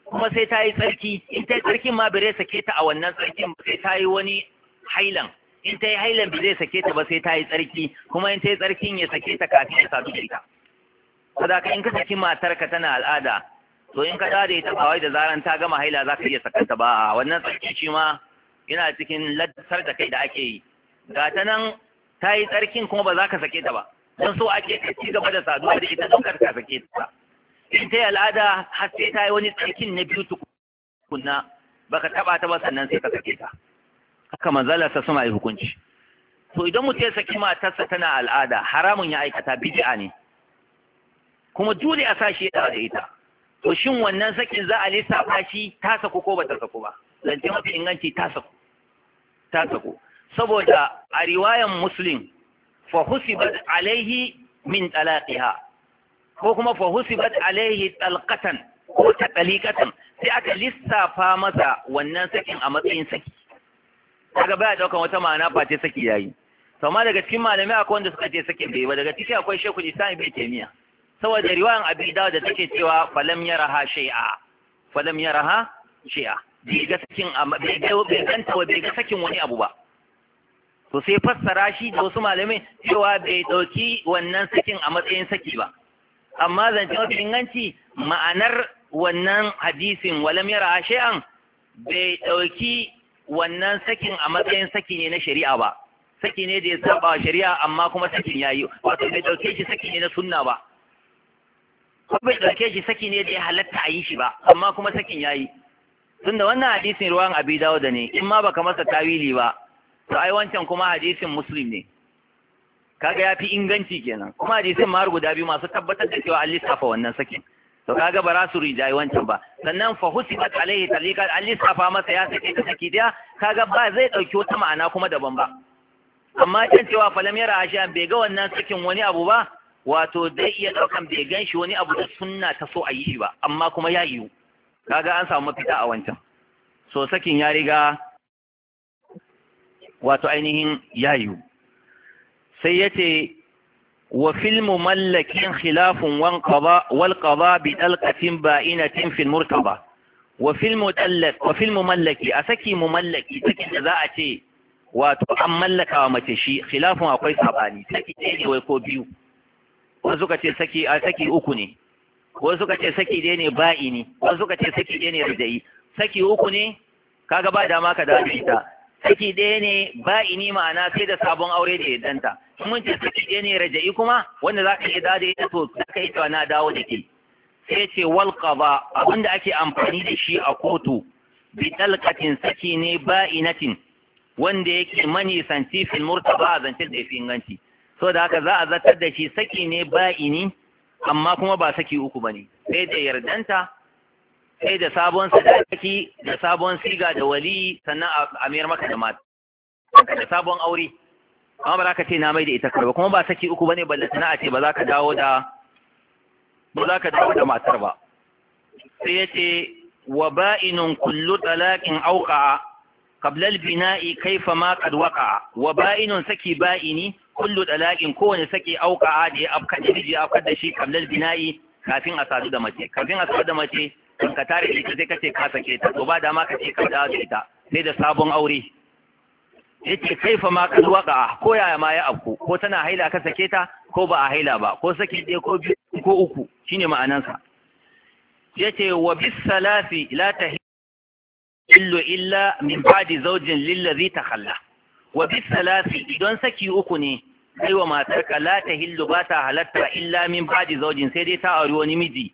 kuma sai ta yi tsarki in ta yi tsarkin ma bai sake ta a wannan tsarkin sai ta yi wani hailan in ta yi hailan bi zai sake ta ba sai ta yi tsarki kuma in ta yi tsarkin ya sake ta kafin ya sadu da ita saboda in ka saki matar ka tana al'ada to in ka da ita ba wai da zaran ta gama haila za ka iya sakanta ba wannan tsarki shi ma yana cikin ladasar da kai da ake yi ga ta nan ta yi tsarkin kuma ba za ka sake ta ba don so ake ci gaba da saduwa da ita dukkan ka sake ta in ta yi al'ada har sai ta yi wani tsarkin na biyu tukunna baka taba ta ba sannan sai ka sake ta haka manzala ta sama yi hukunci to idan mutum ya saki matarsa tana al'ada haramun ya aikata bid'a ne kuma dole a sashi ya da ita to shin wannan sakin za a lissafa shi ta saku ko ba ta saku ba zance mafi inganci ta saku ta saku saboda a riwayan muslim fa husibat alaihi min talaqiha ko kuma fa husibat alaihi talqatan ko ta talikatan sai aka lissafa masa wannan sakin a matsayin saki daga baya daukan wata ma'ana face saki yayi to amma daga cikin malamai akwai wanda suka ce sakin bai ba daga cikin akwai shekul islam ibn taymiya saboda riwayan abi dawud da take cewa falam yaraha shay'a falam yaraha shay'a bai ga sakin bai ga bai ganta bai ga sakin wani abu ba to sai fassara shi da wasu malamai cewa bai ɗauki wannan sakin a matsayin saki ba amma zance mafi inganci ma'anar wannan hadisin walam yara shay'an bai ɗauki wannan sakin a matsayin saki ne na shari'a ba saki ne da ya saba wa shari'a amma kuma sakin ya yi wato bai ɗauke shi saki ne na sunna ba ko bai ɗauke shi saki ne da ya halatta a yi shi ba amma kuma sakin ya yi tunda wannan hadisin ruwan abi dawo da ne in ma baka masa tawili ba to ai wancan kuma hadisin muslim ne kaga ya inganci kenan kuma hadisin ma har guda biyu masu tabbatar da cewa an lissafa wannan sakin to kaga ba za su rijayi wancan ba sannan fa husibat alaihi talika an lissafa masa ya sake ta saki daya kaga ba zai dauki wata ma'ana kuma daban ba amma kan cewa fa lam yara ashan bai ga wannan sakin wani abu ba wato dai iya daukan bai gan shi wani abu da sunna ta so a yi shi ba amma kuma ya yiwu kaga an samu mafita a wancan so sakin ya riga wato ainihin yayu sai ya ce wa filmu mallakin khilafun wal qada bi dalqatin ba fil murtaba wa filmu tallaq wa filmu mallaki a saki mu mallaki sakin da za a ce wato an mallaka wa mace shi khilafun akwai sabani saki ɗaya ne wai ko biyu wasu suka ce saki a saki uku ne wasu suka ce saki ɗaya ne ba'i ne wasu suka ce saki ɗaya ne rajayi saki uku ne kaga ba dama ka dawo da ita saki ɗaya ne ba'ini ma'ana sai da sabon aure da yadanta mun ce saki ɗaya ne raja'i kuma wanda za ka iya da ita to za ka ta na dawo da ke sai ce walƙa ba abinda ake amfani da shi a kotu bi ɗalƙatin saki ne ba'inatin wanda yake mani santi fil ba a zancen da fi inganci so da haka za a zartar da shi saki ne ba'ini amma kuma ba saki uku ba ne, sai da yardanta sai da sabon sadaki da sabon siga da wali sannan a mayar maka da mata da sabon aure amma ba za ka ce na mai da ita karba kuma ba saki uku bane balle a ce ba za ka dawo da ba za ka dawo da matar ba sai ya ce wa ba'inun kullu talaqin auqa qabla al-bina'i kaifa ma qad waqa wa ba'inun saki ba'ini kullu talaqin kowane saki auqa da ya afka da miji afka da shi qabla al-bina'i kafin a sadu da mace kafin a sadu da mace kan ka tare ita sai kace ka sake ta to ba dama ka ce ka dawo da ita sai da sabon aure yace kaifa ma kad waqa ko yaya ma ya afku ko tana haila ka sake ta ko ba a haila ba ko sake ɗaya ko biyu ko uku shine ma'anansa yace wa bis salasi la tahillu illa min ba'di zawjin lillazi takhalla wa bis salasi idan saki uku ne kai wa matarka la tahillu ba ta halatta illa min ba'di zawjin sai dai ta auri wani miji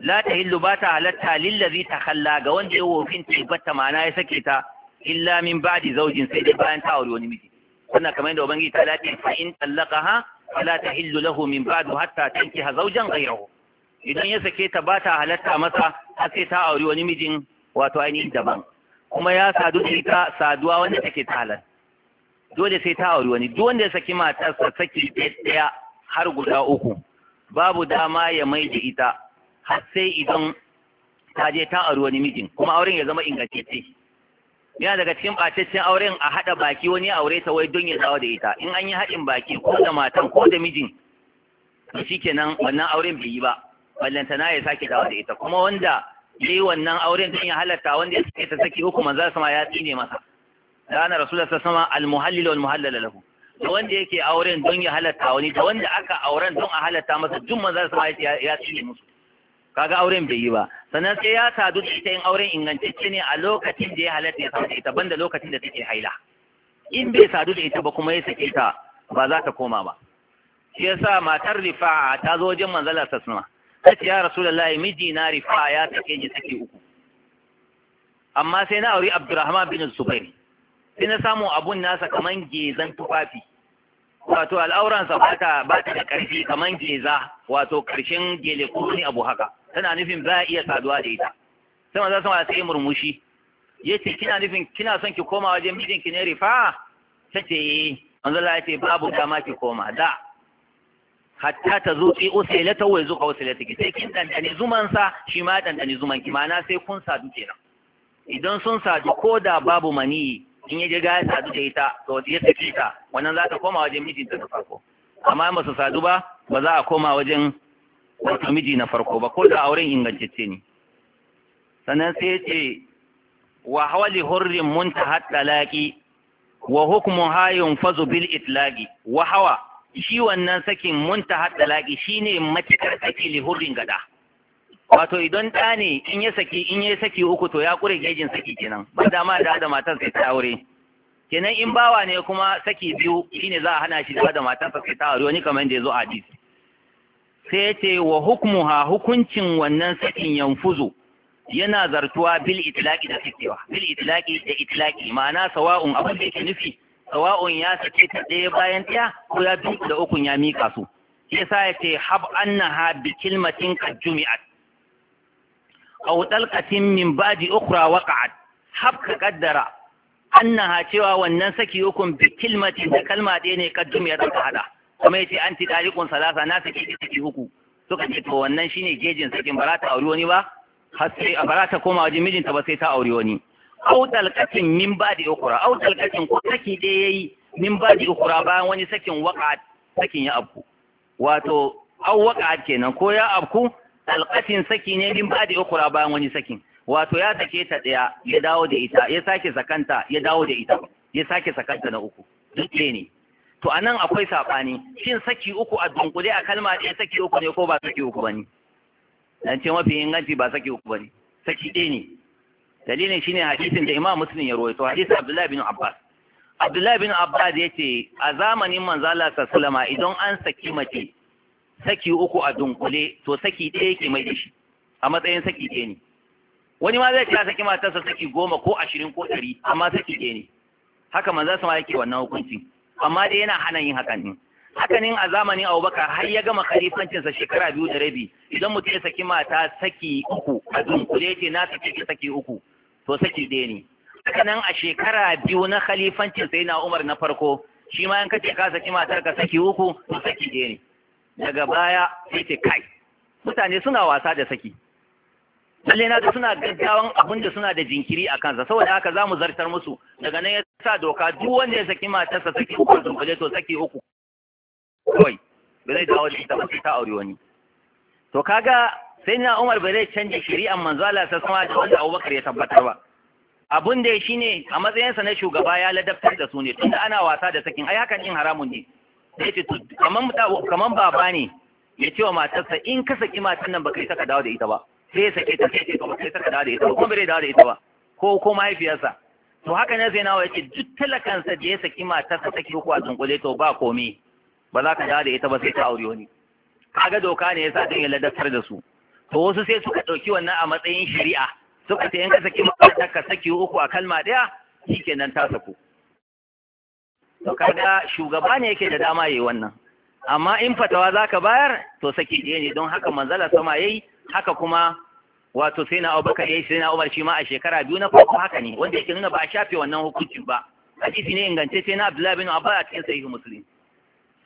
la ta hillu ba ta halatta lillazi ta kalla ga wanda ya wofin ta ma'ana ya sake ta illa min ba'di zaujin sai dai bayan ta aure wani miji wannan kamar yadda ubangiji ta lati fa in talaqaha fala tahillu lahu min ba'du hatta tankiha zawjan ghayrahu idan ya sake ta ba ta halatta masa har sai ta aure wani mijin wato ainihin daban kuma ya sadu da ita saduwa wanda take ta halal dole sai ta aure wani duk wanda ya saki matarsa saki ɗaya har guda uku babu dama ya mai da ita har sai idan ta je ta auri wani mijin kuma auren ya zama ingantacce yana daga cikin bataccen auren a haɗa baki wani ya aure ta wai don ya dawo da ita in an yi haɗin baki ko da matan ko da mijin to shikenan wannan auren bai yi ba ballantana ya sake dawo da ita kuma wanda ya yi wannan auren don ya halatta wanda ya sake ta saki uku su ma ya tsine masa lana rasulullahi sama almuhallil wal muhallal lahu da wanda yake auren don ya halatta wani da wanda aka auren don a halatta masa duk manzo ma ya tsine musu kaga auren bai yi ba sannan sai ya sadu da ita in auren ingantacce ne a lokacin da ya halatta ya sadu da ita banda lokacin da take haila in bai sadu da ita ba kuma ya saki ta ba za ta koma ba shi yasa matar rifa'a ta zo wajen manzala sasma ta ce ya rasulullahi miji na rifa'a ya sake ni sake uku amma sai na auri abdurrahman bin zubairi sai na samu abun nasa kaman gezan tufafi wato al'auransa ba ta da ƙarfi kaman geza wato ƙarshen gele ko abu haka tana nufin ba a iya saduwa da ita sai manzo sama sai murmushi yace kina nufin kina son ki koma wajen mijinki ne rifa tace eh. manzo Allah yace babu dama ki koma da hatta ta zuƙi wai wa zuƙa ta ki sai kin dandane zuman sa shi ma ɗanɗani zuman ki ma'ana sai kun sadu kenan idan sun sadu ko da babu mani in ya je ga ya sadu da ita to ya tafi ta wannan za ta koma wajen mijinta da farko amma ba su sadu ba ba za a koma wajen wato miji na farko ba ko da auren ingantacce ne sannan sai ce wa hawali hurrin muntahat talaqi wa hukmu hayun fazu bil itlaqi wa hawa shi wannan sakin muntahat talaqi shine matakar take li hurrin gada wato idan d'a ne in ya saki in ya saki uku to ya kure gejin saki kenan ba dama da da matar sai ta aure kenan in bawa ne kuma saki biyu shine za a hana shi da da matar sai ta aure wani kamar da yazo hadisi sai ce wa ha hukuncin wannan sakin yanfuzu yana zartuwa bil itilaki da sakewa bil itilaki da itilaki ma'ana sawa'un abin da ke nufi sawa'un ya sake ta ɗaya bayan ɗaya ko ya bi da ukun ya mika su yasa ya ce hab annaha bi kilmatin qad jumi'at aw talqatin min ba'di ukhra waqa'at hab ka qaddara annaha cewa wannan saki ukun bi kilmatin da kalma ɗaya ne qad jumi'at hada kuma an ci dariqun salasa na saki saki uku suka ce to wannan shine gejin sakin ba za ta aure wani ba har sai ba za ta koma wajen mijinta ba sai ta aure wani au dalqatin min da ukura au dalqatin ko saki dai yayi min da ukura bayan wani sakin waqa'at sakin ya abku wato au waqa'at kenan ko ya abku dalqatin saki ne min da ukura bayan wani sakin wato ya sake ta daya ya dawo da ita ya sake sakanta ya dawo da ita ya sake sakanta na uku duk ne to a nan akwai saɓani shin saki uku a dunkule a kalma ɗaya saki uku ne ko ba saki uku ba ne dan ce mafi inganci ba saki uku ba ne saki ɗaya ne dalilin shine hadisin da imam muslim ya rawaito hadisin abdullahi bin abbas abdullahi bin abbas ya ce a zamanin manzo Allah sallama idan an saki mace saki uku a dunkule to saki ɗaya yake mai da shi a matsayin saki ɗaya ne wani ma zai ce ya saki matarsa saki goma ko ashirin ko ɗari amma saki ɗaya ne haka manzo ma yake wannan hukuncin amma dai yana hana yin hakan ne hakanin a zamanin abubakar har ya gama khalifancinsa shekara biyu da rabi idan mutum ya saki mata saki uku a dunkule ya yake na saki saki uku to saki ɗaya ne hakanan a shekara biyu na khalifancinsa yana umar na farko shi ma yanka ka saki matar ka saki uku to saki ɗaya ne daga baya sai ce kai mutane suna wasa da saki lalle na ta suna gaggawan abin da suna da jinkiri a kansa saboda haka za mu zartar musu daga nan ya sa doka duk wanda ya saki matarsa saki uku dunkule to saki uku kawai ba zai dawo da ita ba sai ta aure wani to kaga sai na Umar bai zai canje shari'ar manzo Allah sai sama da wanda Abubakar ya tabbatar ba abun da ne a matsayinsa na shugaba ya ladabtar da su ne tunda ana wasa da sakin ai hakan din haramun ne sai ce kaman kaman baba ne ya ce wa matarsa in ka saki matan nan baka yi saka dawo da ita ba sai sake ta sai ce kamar sai ta da ita ba kuma bai da ita ba ko ko mahaifiyarsa to haka ne sai nawa yake duk talakansa da ya saki ta saki uku a dunkule to ba komai ba za ka da ita ba sai ta aure wani kaga doka ne yasa din ya ladatar da su to wasu sai suka dauki wannan a matsayin shari'a suka ce in ka saki ka saki uku a kalma daya shikenan ta saku to kaga shugaba ne yake da dama yayi wannan amma in fatawa zaka bayar to saki ɗaya ne don haka manzala sama yayi haka kuma wato sai na abubakar ya yi sai na umar shi ma a shekara biyu na farko haka ne wanda yake nuna ba a shafe wannan hukunci ba hadisi ne ingance sai na abdullahi bin abbas a cikin sahihu muslim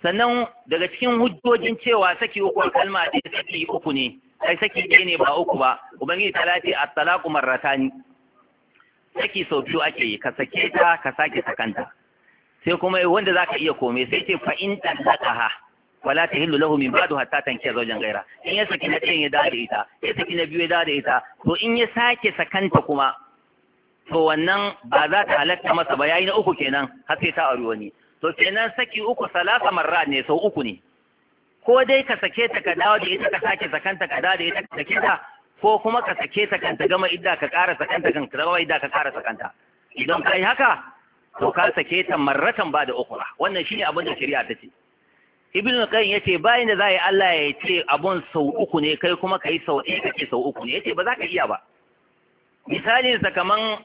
sannan daga cikin hujjojin cewa saki uku kalma da saki uku ne kai saki ɗaya ne ba uku ba ubangiji ta a at-talaqu ni. saki sau biyu ake yi ka sake ta ka sake sakanta sai kuma wanda za ka iya kome sai ce fa in talaqaha wala hillu lahu min ba'du hatta tankiya zawjan ghaira in ya saki na ɗayan ya dawo da ita ya saki na biyu ya dawo da ita to in ya sake sakanta kuma to wannan ba za ta halatta masa ba yayi na uku kenan har sai ta auri wani to kenan saki uku salasa marra ne sau uku ne ko dai ka sake ta ka dawo da ita ka sake sakanta ka dawo da ita ka sake ta ko kuma ka sake ta kanta gama idda ka ƙara sakanta kan ka gama idda ka ƙara sakanta idan kai haka to ka sake ta marratan ba da ukura wannan shine abin da shari'a ta ce ibn qayyim yace bayan da za yi Allah ya ce abun sau uku ne kai kuma kai sau ɗaya kake sau uku ne yace ba za ka iya ba misalin sa kaman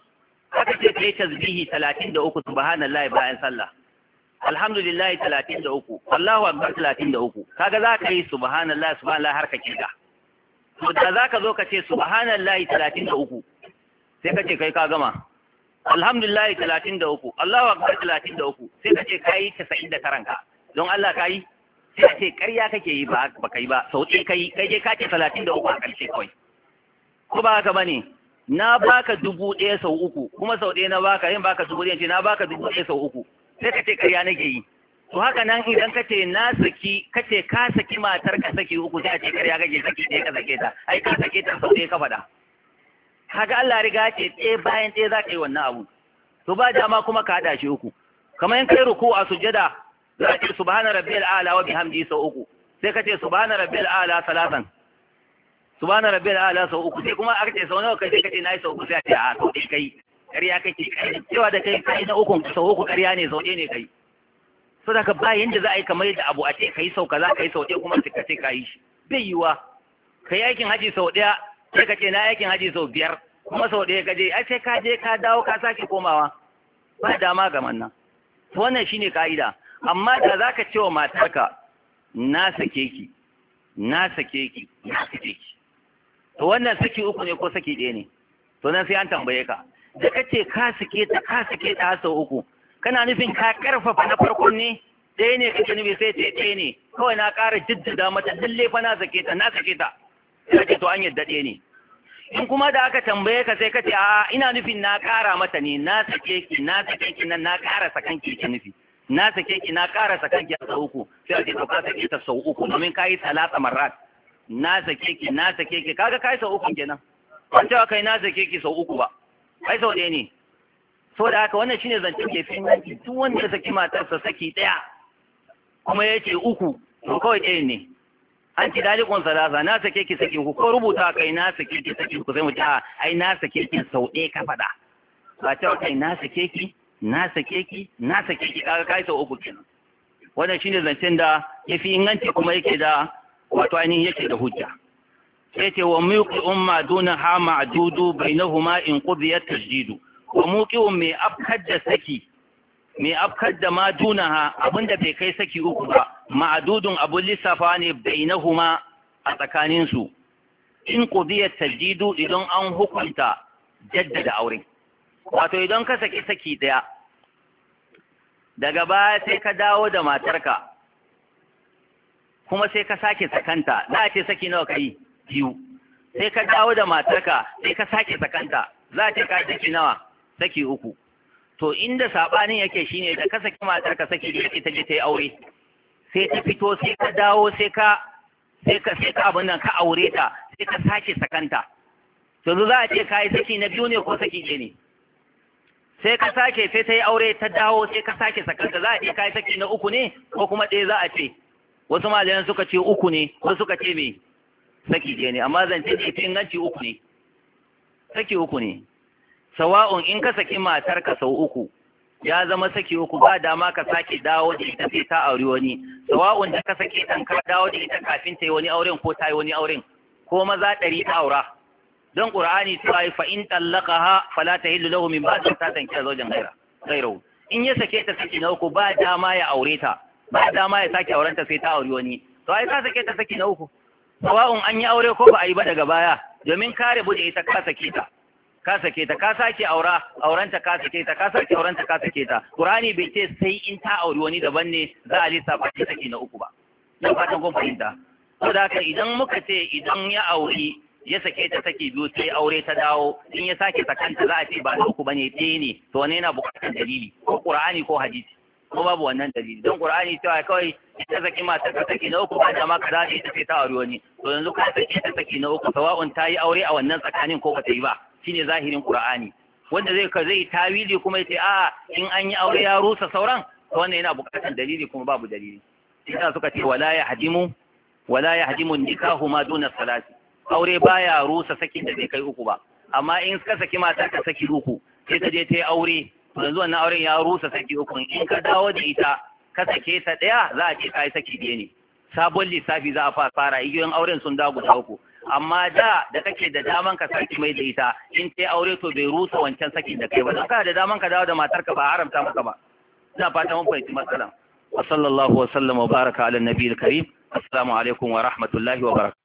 aka ce kai tasbihi 33 subhanallahi bayan sallah alhamdulillahi 33 Allahu akbar 33 kaga za ka yi subhanallahi subhanallahi har ka kiga to da za ka zo ka ce subhanallahi 33 sai ka ce kai ka gama alhamdulillahi 33 Allahu akbar 33 sai ka ce kai 99 da don Allah ka yi sai ce ƙarya kake yi ba kai ba sau ɗaya kai kai je ka ce talatin da uku a ƙarshe kawai ko ba haka ba ne na baka dubu ɗaya sau uku kuma sau ɗaya na baka yin baka dubu ɗaya ce na baka dubu ɗaya sau uku sai ka ce ƙarya nake yi to haka nan idan ka ce na saki ka ce ka saki matar ka saki uku sai a ce ƙarya kake saki ɗaya ka sake ta ai ka sake ta sau ɗaya ka faɗa kaga Allah riga ce ɗaya bayan ɗaya za ka yi wannan abu to ba dama kuma ka haɗa shi uku kamar in kai ruku a sujjada za ce subhana rabbiyal a'la wa bihamdi sau uku sai ka ce subhana rabbiyal a'la salatan subhana rabbiyal a'la sau uku sai kuma aka ce sau nawa kai sai nayi sau uku sai a ce a kai kariya kake kai cewa da kai kai na ukun sau uku kariya ne sau ne kai so da ka ba yanda za a yi kamar yadda abu a ce kai sau kaza kai sau ɗaya kuma sai kace ka yi shi bai yiwa ka yi aikin haji sau ɗaya sai ka ce na aikin haji sau biyar kuma sau ɗaya ka je ai sai ka je ka dawo ka sake komawa ba dama ga wannan to wannan shine ka'ida amma da za ka ce wa matarka na sake ki na sake ki na sake ki to wannan saki uku ne ko saki ɗaya ne to nan sai an tambaye ka da ka ce ka sake ta ka sake ta har sau uku kana nufin ka karfafa na farko ne ɗaya ne kake nufi sai ce ɗaya ne kawai na ƙara jiddada mata lalle fa na sake ta na sake ta Ya ce to an yadda ɗaya ne in kuma da aka tambaye ka sai ka ce a ina nufin na ƙara mata ne na sake ki na sake ki nan na ƙara sakan ki ki nufi na sake ki na ƙara sakan ki sau uku sai a ce ka sake ta sau uku domin ka yi talata marat na sake ki na sake ki kaga ka yi sau uku kenan ban cewa kai na sake ki sau uku ba ai sau ɗaya ne Sau da haka wannan shine zancen ke fi nanki tun wanda ya saki matarsa saki ɗaya kuma ya ce uku to kawai ɗaya ne an ci dalikon salasa na sake ki saki uku ko rubuta kai na sake ki saki uku sai mu ce a ai na sake ki sau ɗaya ka faɗa ba cewa kai na sake ki na sake ki na sake ki ka kai sau uku kenan wannan shine zancen da yafi inganci kuma yake da wato ainihin yake da hujja sai ce wa muqi umma duna ha ma'dudu bainahuma in qudiya tajdidu wa muqi umma afkad da saki mai afkar da ma duna ha abinda bai kai saki uku ba ma'dudun abun lissafa ne bainahuma a su. in qudiya tajdidu idan an hukunta jaddada aure wato idan ka saki saki daya daga baya sai ka dawo da matarka kuma sai ka sake sakanta za a ce saki nawa kai biyu sai ka dawo da matarka sai ka sake sakanta za a ce ka saki nawa saki uku to inda sabanin yake shine da ka saki matarka saki da yake ta je ta yi aure sai ta fito sai ka dawo sai ka sai ka sai ka abin nan ka aure ta sai ka sake sakanta to za a ce ka yi saki na biyu ne ko saki ɗaya ne sai ka sake sai ta yi aure ta dawo sai ka sake sakanta za a iya kai saki na uku ne ko kuma ɗaya za a ce wasu malayan suka ce uku ne wasu suka ce me saki ɗaya ne amma zance ne fi inganci uku ne saki uku ne sawa'un in ka saki matar ka sau uku ya zama saki uku ba dama ka sake dawo da ita sai ta aure wani sawa'un da ka sake ɗan dawo da ita kafin ta yi wani auren ko ta yi wani auren ko maza ɗari ta aura don qur'ani cewa fa in tallaqaha fala tahillu lahu min ba'd ta tankiya zawjan ghaira ghairahu in ya sake ta saki na uku ba dama ya aure ta ba dama ya sake auren ta sai ta auri wani to ai ka sake ta saki na uku sawa'un an yi aure ko ba a yi ba daga baya domin kare rabu ita ka sake ta ka sake ta ka sake aura aurenta ka sake ta ka sake aurenta ka sake ta ƙur'ani bai ce sai in ta auri wani daban ne za a lissafa ta saki na uku ba na fatan kun fahimta saboda haka idan muka ce idan ya auri ya sake ta saki biyu sai aure ta dawo in ya sake sakanta za a ce ba uku bane ne ne to wane yana buƙatar dalili ko qur'ani ko hadisi ko babu wannan dalili don qur'ani cewa kawai ta saki mata ta saki na uku ba da ma kaza ne ta sai ta aure wani to yanzu ka saki ta saki na uku sawa'un ta yi aure a wannan tsakanin ko ba ta yi ba shine zahirin qur'ani wanda zai ka zai tawili kuma ya ce a in an yi aure ya rusa sauran to wannan yana buƙatar dalili kuma babu dalili sai suka ce wala ya hadimu wala ya hadimu nikahu ma duna salati aure baya rusa sakin da bai kai uku ba amma in ka saki mata ka saki uku sai ta je ta yi aure yanzu wannan auren ya rusa saki uku in ka dawo da ita ka sake ta daya za a ce ka yi saki biye ne sabon lissafi za a fara igiyoyin auren sun dawo guda uku amma da da kake da daman ka saki mai da ita in ta aure to bai rusa wancan sakin da kai ba don ka da daman ka dawo da matarka ba haramta maka ba ina fata mun fahimci matsalan wa sallallahu wa sallam baraka ala nabiyil karim assalamu alaikum wa rahmatullahi wa barakatuh